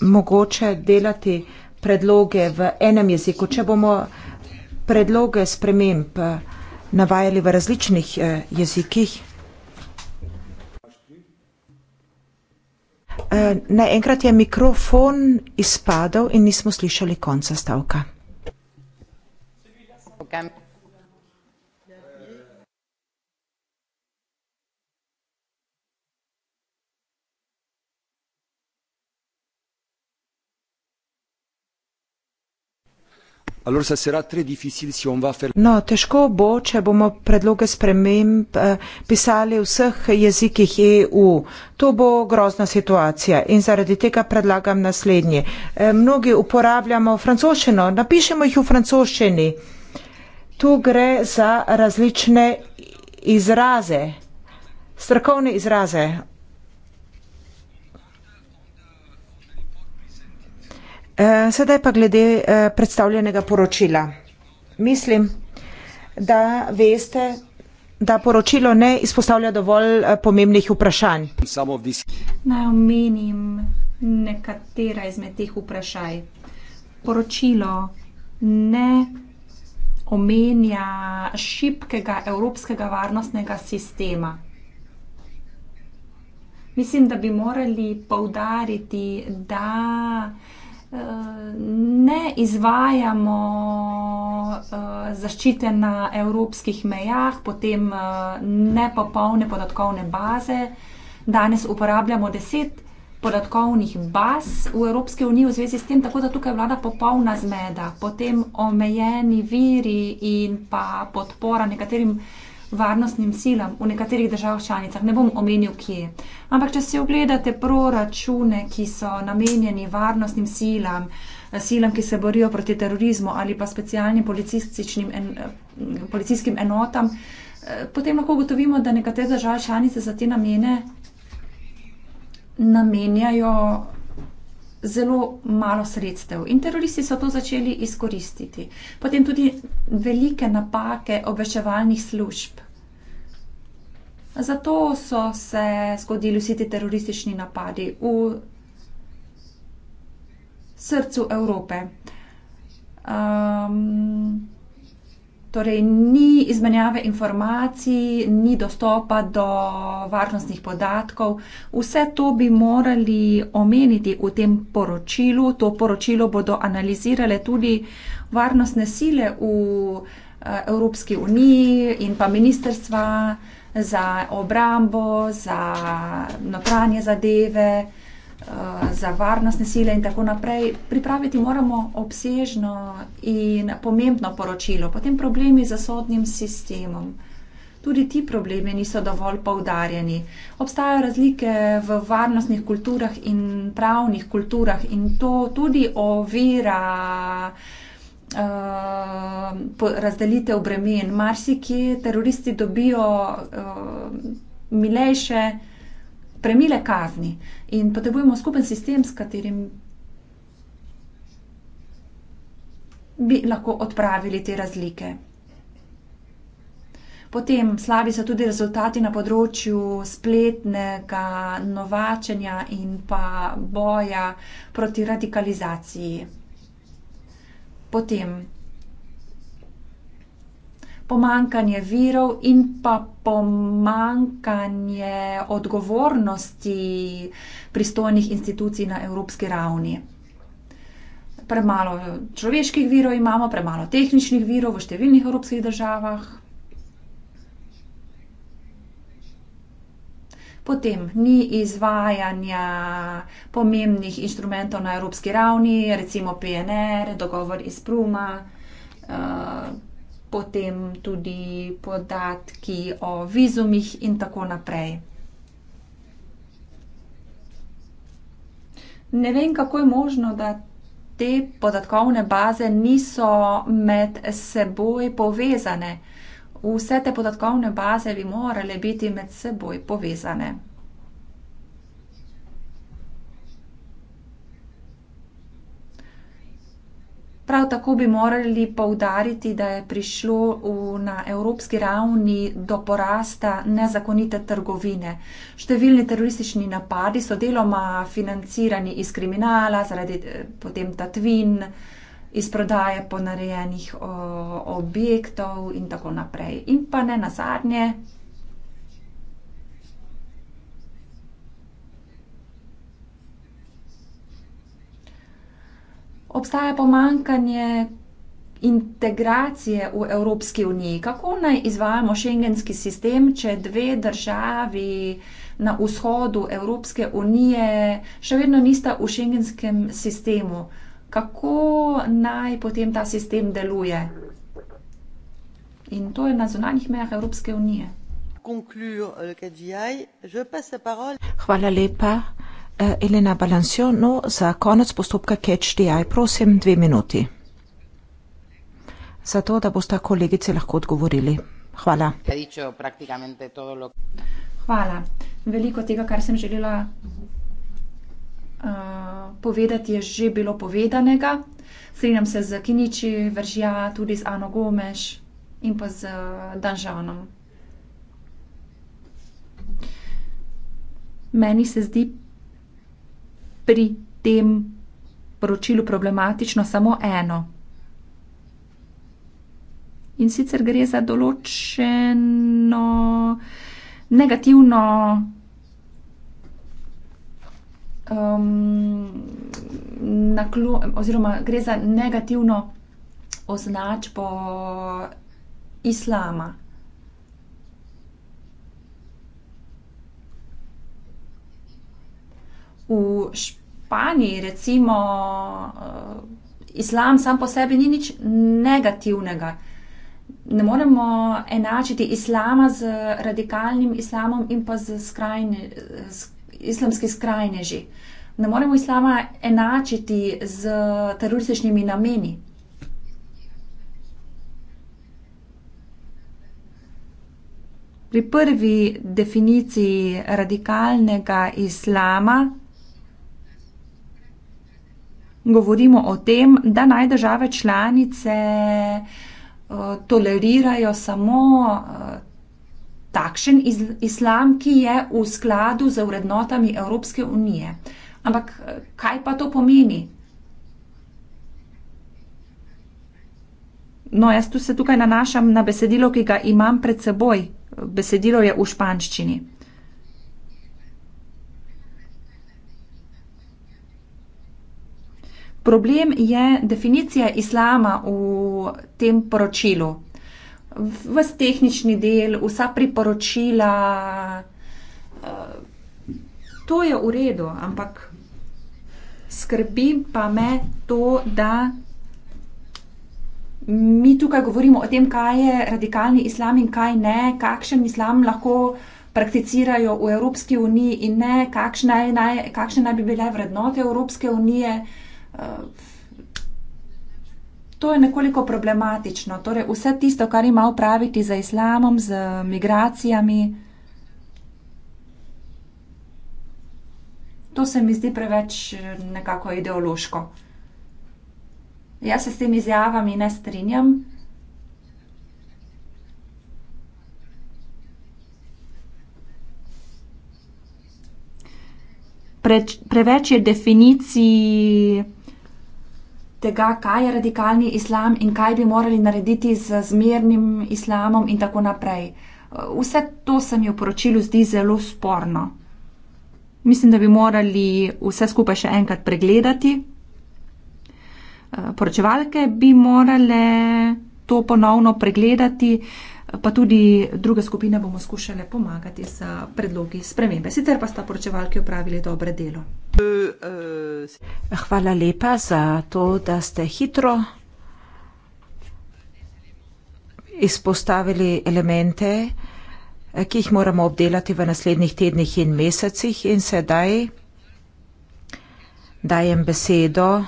mogoče delati predloge v enem jeziku, če bomo predloge sprememb navajali v različnih eh, jezikih. Eh, naenkrat je mikrofon izpadel in nismo slišali konca stavka. No, težko bo, če bomo predloge sprememb eh, pisali v vseh jezikih EU. To bo grozna situacija in zaradi tega predlagam naslednje. Eh, mnogi uporabljamo francoščino, napišemo jih v francoščini. Tu gre za različne izraze, strokovne izraze. Eh, sedaj pa glede eh, predstavljenega poročila. Mislim, da veste, da poročilo ne izpostavlja dovolj eh, pomembnih vprašanj. Naj omenim nekatera izmed teh vprašanj. Poročilo ne omenja šibkega evropskega varnostnega sistema. Mislim, da bi morali poudariti, da Eh, ne izvajamo eh, zaščite na evropskih mejah, potem eh, nepopolne podatkovne baze. Danes uporabljamo deset podatkovnih baz v Evropski uniji v zvezi s tem, tako da tukaj vlada popolna zmeda, potem omejeni viri in pa podpora nekaterim varnostnim silam v nekaterih državah članicah, ne bom omenil kje. Ampak, če si ogledate proračune, ki so namenjeni varnostnim silam, silam, ki se borijo proti terorizmu ali pa specialnim en, policijskim enotam, potem lahko ugotovimo, da nekatere države članice za te namene namenjajo zelo malo sredstev in teroristi so to začeli izkoristiti. Potem tudi velike napake obveščevalnih služb. Zato so se zgodili vsi ti teroristični napadi v srcu Evrope. Um, Torej, ni izmenjave informacij, ni dostopa do varnostnih podatkov. Vse to bi morali omeniti v tem poročilu. To poročilo bodo analizirale tudi varnostne sile v eh, Evropski uniji in pa ministrstva za obrambo, za notranje zadeve. Eh, za varnostne sile in tako naprej, pripraviti moramo obsežno in pomembno poročilo. Potem problemi z sodnim sistemom. Tudi ti problemi niso dovolj poudarjeni. Obstajajo razlike v varnostnih kulturah in pravnih kulturah in to tudi ovira uh, razdelitev bremen. Marsikje teroristi dobijo uh, milejše premile kazni in potrebujemo skupen sistem, s katerim bi lahko odpravili te razlike. Potem slabi so tudi rezultati na področju spletnega novačenja in pa boja proti radikalizaciji. Potem pomankanje virov in pa pomankanje odgovornosti pristojnih institucij na evropski ravni. Premalo človeških virov imamo, premalo tehničnih virov v številnih evropskih državah. Potem ni izvajanja pomembnih inštrumentov na evropski ravni, recimo PNR, dogovor iz Pruma. Uh, eh, potem tudi podatki o vizumih in tako naprej. Ne vem, kako je možno, da te podatkovne baze niso med seboj povezane. Vse te podatkovne baze bi morale biti med seboj povezane. Prav tako bi morali povdariti, da je prišlo v, na evropski ravni do porasta nezakonite trgovine. Številni teroristični napadi so deloma financirani iz kriminala, zaradi eh, potem tatvin, iz prodaje ponarejenih o, objektov in tako naprej. In pa ne nazadnje, obstaja pomankanje integracije v Evropski uniji. Kako naj izvajamo šengenski sistem, če dve državi na vzhodu Evropske unije še vedno nista v šengenskem sistemu? Kako naj potem ta sistem deluje? In to je na zunanjih mejah Evropske unije. Hvala lepa. Eh, Elena Balancionu za konec postopka CatchDI. Prosim, dve minuti. Zato, da boste kolegice lahko odgovorili. Hvala. Hvala. Veliko tega, kar sem želela uh, povedati, je že bilo povedanega. Strinjam se z Kiniči, Veržja, tudi z Ano Gomeš in pa z eh, Danžanom. Meni se zdi pri tem poročilu problematično samo eno. In sicer gre za določeno negativno. Um, naklo, oziroma, gre za negativno označbo islama. V špičku. Španiji, recimo, eh, islam sam po sebi ni nič negativnega. Ne moremo enačiti islama z radikalnim islamom in pa z, skrajne, z eh, islamski skrajneži. Ne moremo islama enačiti z terorističnimi nameni. Pri prvi definiciji radikalnega islama govorimo o tem, da naj države članice eh, tolerirajo samo eh, takšen islam, ki je v skladu z vrednotami Evropske unije. Ampak eh, kaj pa to pomeni? No, jaz tu se tukaj nanašam na besedilo, ki ga imam pred seboj. Besedilo je v španščini. Problem je definicija islama v tem poročilu. Ves tehnični del, vsa priporočila, eh, to je v redu, ampak skrbi pa me to, da mi tukaj govorimo o tem, kaj je radikalni islam in kaj ne, kakšen islam lahko prakticirajo v Evropski uniji in ne, kakšne naj, kakšne naj bi bile vrednote Evropske unije. Eh, to je nekoliko problematično, torej vse tisto, kar ima upraviti za islamom, z migracijami, to se mi zdi preveč eh, nekako ideološko. Jaz se s temi izjavami ne strinjam. preveč je definicij tega, kaj je radikalni islam in kaj bi morali narediti z zmernim islamom in tako naprej. Vse to se mi v poročilu zdi zelo sporno. Mislim, da bi morali vse skupaj še enkrat pregledati. Poročevalke bi morale to ponovno pregledati, uh, pa tudi druga skupina bomo skušali pomagati s predlogi spremembe. Sicer pa sta poročevalki opravili dobre delo. Hvala lepa za to, da ste hitro izpostavili elemente, ki jih moramo obdelati v naslednjih tednih in mesecih in sedaj dajem besedo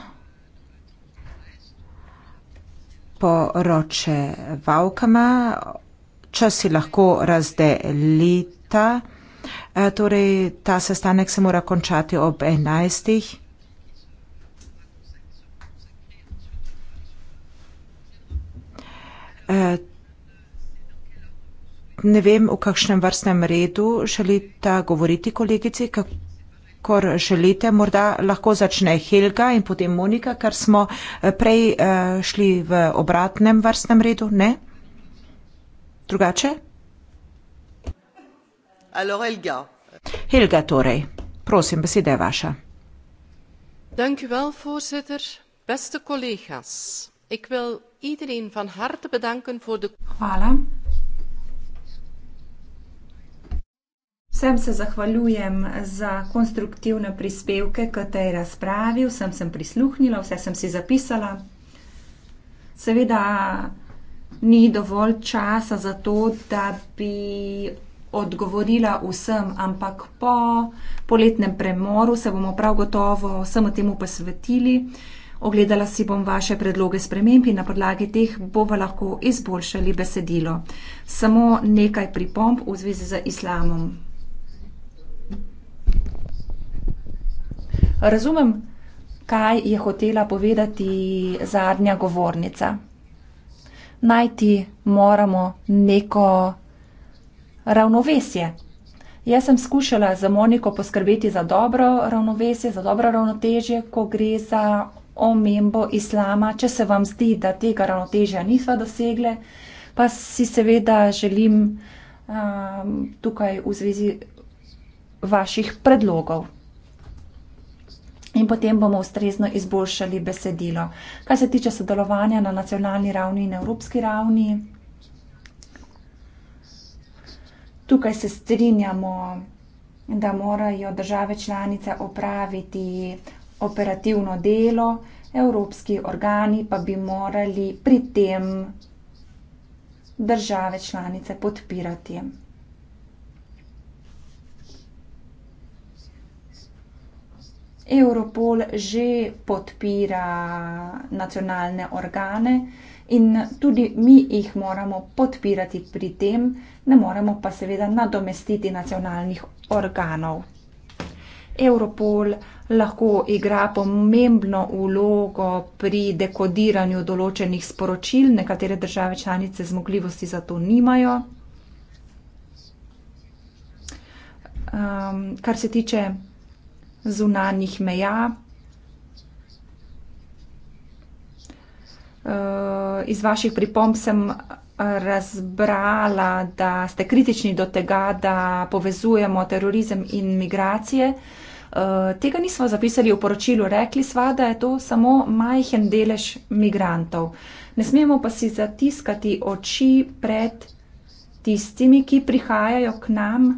poročevalkama čas si lahko razdelita. Eh, torej, ta sestanek se mora končati ob 11. Eh, ne vem, v kakšnem vrstnem redu želita govoriti kolegici, kako želite. Morda lahko začne Helga in potem Monika, ker smo eh, prej šli v obratnem vrstnem redu. Ne? drugače? Helga, torej, prosim, beseda je vaša. Hvala. Vsem se zahvaljujem za konstruktivne prispevke k tej razpravi, vsem sem prisluhnila, vse sem si zapisala. Seveda ni dovolj časa za to, da bi odgovorila vsem, ampak po poletnem premoru se bomo prav gotovo vsemu temu posvetili. Ogledala si bom vaše predloge sprememb in na podlagi teh bova lahko izboljšali besedilo. Samo nekaj pripomp v zvezi z islamom. Razumem, kaj je hotela povedati zadnja govornica najti moramo neko ravnovesje. Jaz sem skušala za Moniko poskrbeti za dobro ravnovesje, za dobro ravnotežje, ko gre za omembo islama. Če se vam zdi, da tega ravnotežja niso dosegle, pa si seveda želim um, tukaj v zvezi vaših predlogov. In potem bomo ustrezno izboljšali besedilo. Kar se tiče sodelovanja na nacionalni ravni in evropski ravni, tukaj se strinjamo, da morajo države članice opraviti operativno delo, evropski organi pa bi morali pri tem države članice podpirati. Europol že podpira nacionalne organe in tudi mi jih moramo podpirati pri tem, ne moremo pa seveda nadomestiti nacionalnih organov. Europol lahko igra pomembno vlogo pri dekodiranju določenih sporočil, nekatere države članice zmogljivosti za to nimajo. Um, kar se tiče zunanjih meja. Eh, iz vaših pripomb sem razbrala, da ste kritični do tega, da povezujemo terorizem in migracije. Eh, tega nismo zapisali v poročilu, rekli sva, da je to samo majhen delež migrantov. Ne smemo pa si zatiskati oči pred tistimi, ki prihajajo k nam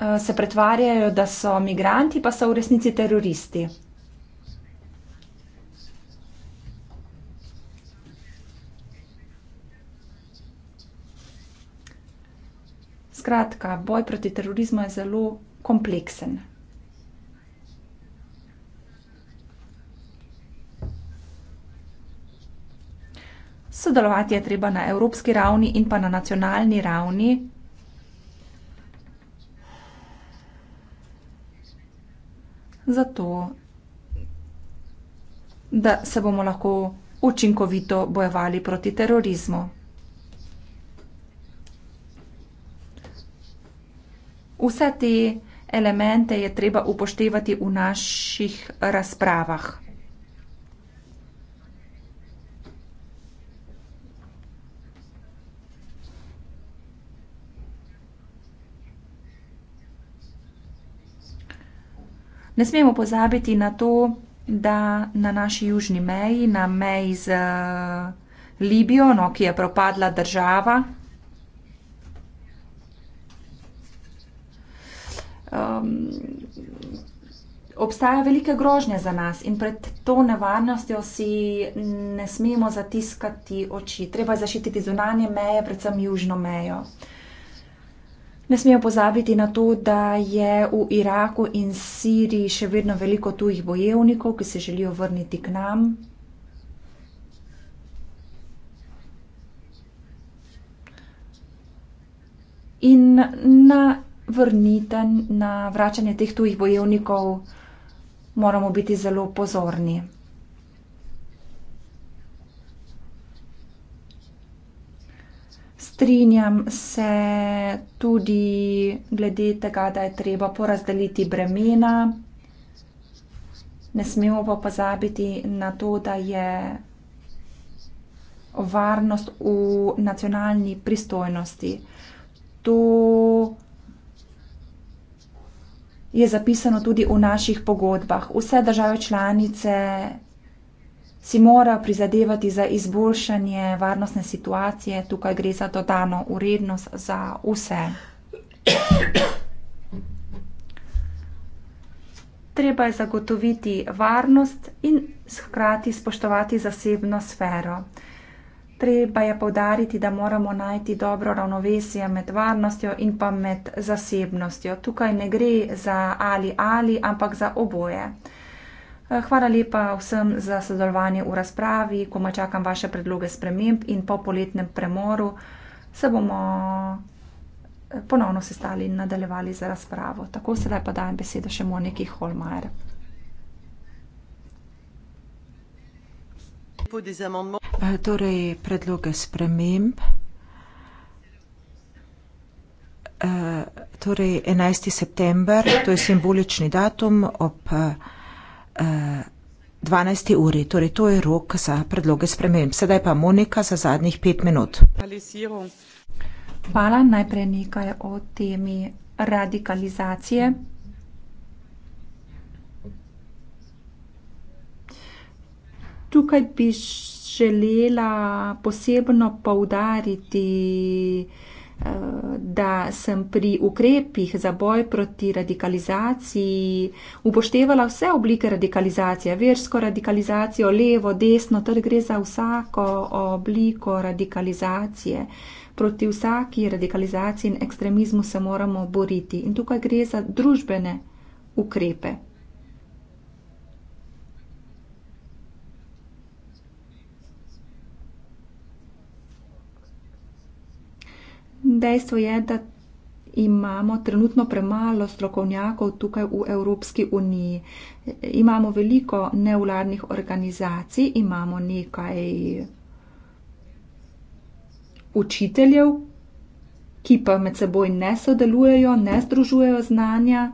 Eh, se pretvarjajo, da so migranti, pa so v resnici teroristi. Skratka, boj proti terorizmu je zelo kompleksen. Sodelovati je treba na evropski ravni in pa na nacionalni ravni. zato da se bomo lahko učinkovito bojevali proti terorizmu. Vse te elemente je treba upoštevati v naših razpravah. Ne smemo pozabiti na to, da na naši južni meji, na meji z eh, Libijo, no, ki je propadla država, um, obstaja velike grožnje za nas in pred to nevarnostjo si ne smemo zatiskati oči. Treba je zaščititi zunanje meje, predvsem južno mejo. Ne smemo pozabiti na to, da je v Iraku in Siriji še vedno veliko tujih bojevnikov, ki se želijo vrniti k nam. In na vrnitev, na vračanje teh tujih bojevnikov moramo biti zelo pozorni. strinjam se tudi glede tega, da je treba porazdeliti bremena. Ne smemo pa pozabiti na to, da je varnost v nacionalni pristojnosti. To je zapisano tudi v naših pogodbah. Vse države članice si mora prizadevati za izboljšanje varnostne situacije, tukaj gre za dodano urednost za vse. Treba je zagotoviti varnost in hkrati spoštovati zasebno sfero. Treba je povdariti, da moramo najti dobro ravnovesje med varnostjo in pa med zasebnostjo. Tukaj ne gre za ali ali, ampak za oboje. Eh, hvala lepa vsem za sodelovanje v razpravi, koma čakam vaše predloge sprememb in po poletnem premoru se bomo eh, ponovno sestali in nadaljevali za razpravo. Tako sedaj pa dajem besedo še Moniki Holmajer. Eh, torej, predloge sprememb. torej enajsti september, to je simbolični datum ob, uh, eh, 12. uri. Torej, to je rok za predloge sprememb. Sedaj pa Monika za zadnjih pet minut. Hvala. Najprej nekaj o temi radikalizacije. Tukaj bi želela posebno poudariti, da da sem pri ukrepih za boj proti radikalizaciji upoštevala vse oblike radikalizacije, versko radikalizacijo, levo, desno, torej gre za vsako obliko radikalizacije. Proti vsaki radikalizaciji in ekstremizmu se moramo boriti. In tukaj gre za družbene ukrepe. Dejstvo je, da imamo trenutno premalo strokovnjakov tukaj v Evropski uniji. Imamo veliko nevladnih organizacij, imamo nekaj učiteljev, ki pa med seboj ne sodelujejo, ne združujejo znanja,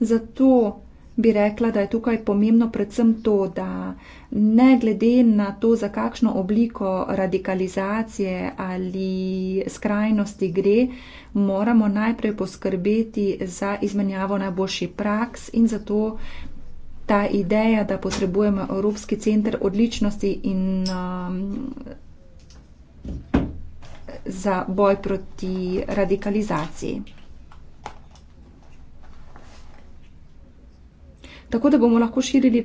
zato bi rekla, da je tukaj pomembno predvsem to, da ne glede na to, za kakšno obliko radikalizacije ali skrajnosti gre, moramo najprej poskrbeti za izmenjavo najboljših praks in zato ta ideja, da potrebujemo Evropski center odličnosti in um, za boj proti radikalizaciji. tako da bomo lahko širili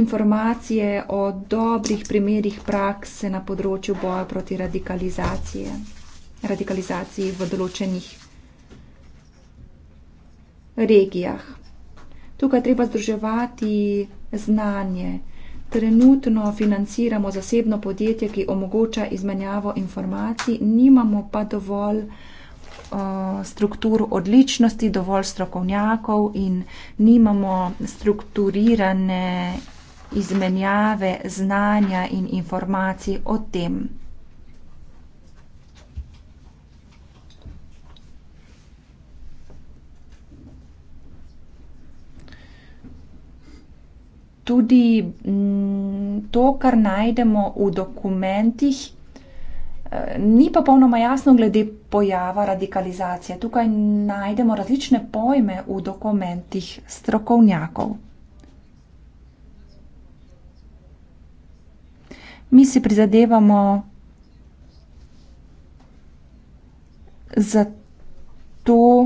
informacije o dobrih primerih prakse na področju boja proti radikalizaciji v določenih regijah. Tukaj treba združevati znanje. Trenutno financiramo zasebno podjetje, ki omogoča izmenjavo informacij, nimamo pa dovolj informacij, Eh, strukturo odličnosti, dovolj strokovnjakov in nimamo strukturirane izmenjave znanja in informacij o tem. Tudi mm, to, kar najdemo v dokumentih, Ni pa popolnoma jasno glede pojava radikalizacije. Tukaj najdemo različne pojme v dokumentih strokovnjakov. Mi si prizadevamo za to,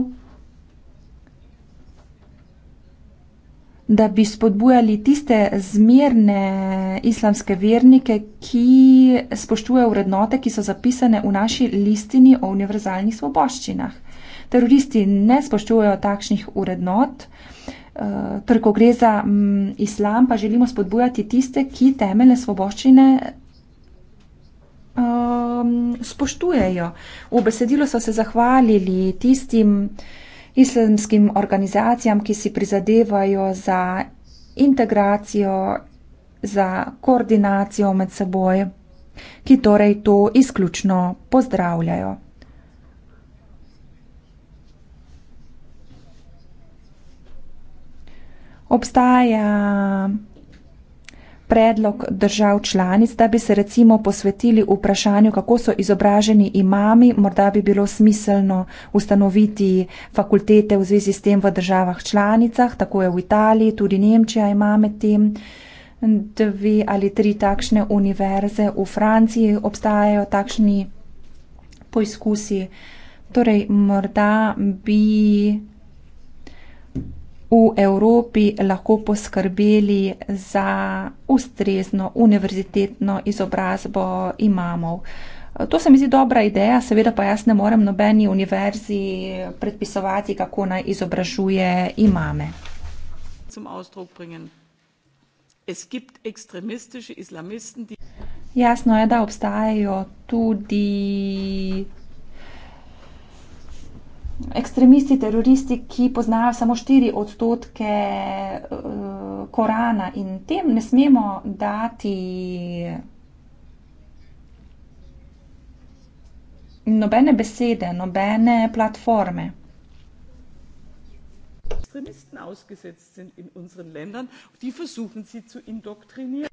da bi spodbujali tiste zmerne islamske vernike, ki spoštujejo vrednote, ki so zapisane v naši listini o univerzalnih svoboščinah. Teroristi ne spoštujejo takšnih vrednot, eh, torej ko gre za mm, islam, pa želimo spodbujati tiste, ki temeljne svoboščine. Ehm, spoštujejo. V besedilu so se zahvalili tistim, uh, islamskim organizacijam, ki si prizadevajo za integracijo, za koordinacijo med seboj, ki torej to izključno pozdravljajo. Obstaja predlog držav članic, da bi se recimo posvetili vprašanju, kako so izobraženi imami, morda bi bilo smiselno ustanoviti fakultete v zvezi s tem v državah članicah, tako je v Italiji, tudi Nemčija ima med tem dve ali tri takšne univerze, v Franciji obstajajo takšni poizkusi. Torej, morda bi v Evropi lahko poskrbeli za ustrezno univerzitetno izobrazbo imamov. To se mi zdi dobra ideja, seveda pa jaz ne morem nobeni univerzi predpisovati, kako naj izobražuje imame. Jasno je, da obstajajo tudi ekstremisti, teroristi, ki poznajo samo 4 odstotke uh, Korana in tem ne smemo dati nobene besede, nobene platforme. Ekstremisti so v naših državah, ki jih poskušajo indoktrinirati.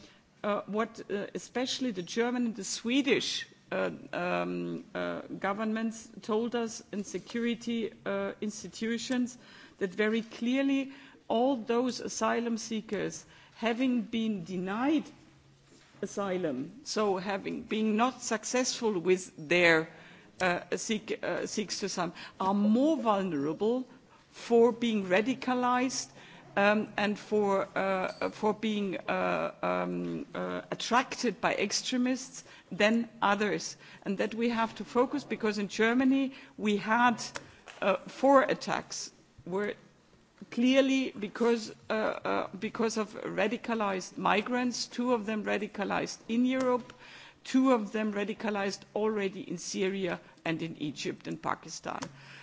uh, what uh, especially the German and the Swedish uh, um, uh, governments told us in security uh, institutions that very clearly all those asylum seekers having been denied asylum, so having been not successful with their uh, seek, uh, seeks to asylum, are more vulnerable for being radicalized Um, and for, uh, for being uh, um, uh, attracted by extremists than others. And that we have to focus because in Germany we had uh, four attacks were clearly because, uh, uh, because of radicalized migrants, two of them radicalized in Europe, two of them radicalized already in Syria and in Egypt and Pakistan. Uh,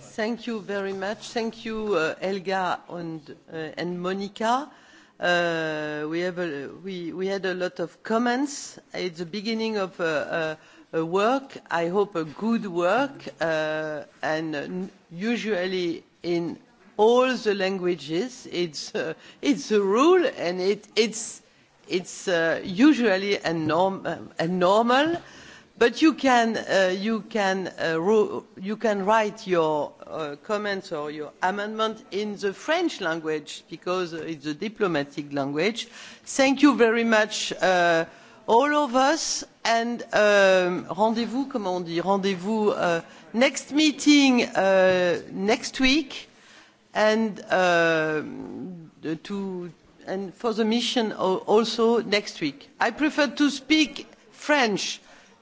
Thank you very much. Thank you, uh, Elga and, uh, and Monica. Uh, we, have a, we, we had a lot of comments. It's the beginning of a, a, a work, I hope a good work, uh, and uh, usually in all the languages, it's, uh, it's a rule and it, it's, it's uh, usually a norm, uh, a normal. But you can, uh, you can, uh, ro you can write your uh, comments or your amendment in the French language because it's a diplomatic language. Thank you very much, uh, all of us. And um, rendezvous, comment on dit, rendezvous uh, next meeting uh, next week. And, uh, to, and for the mission also next week. I prefer to speak French.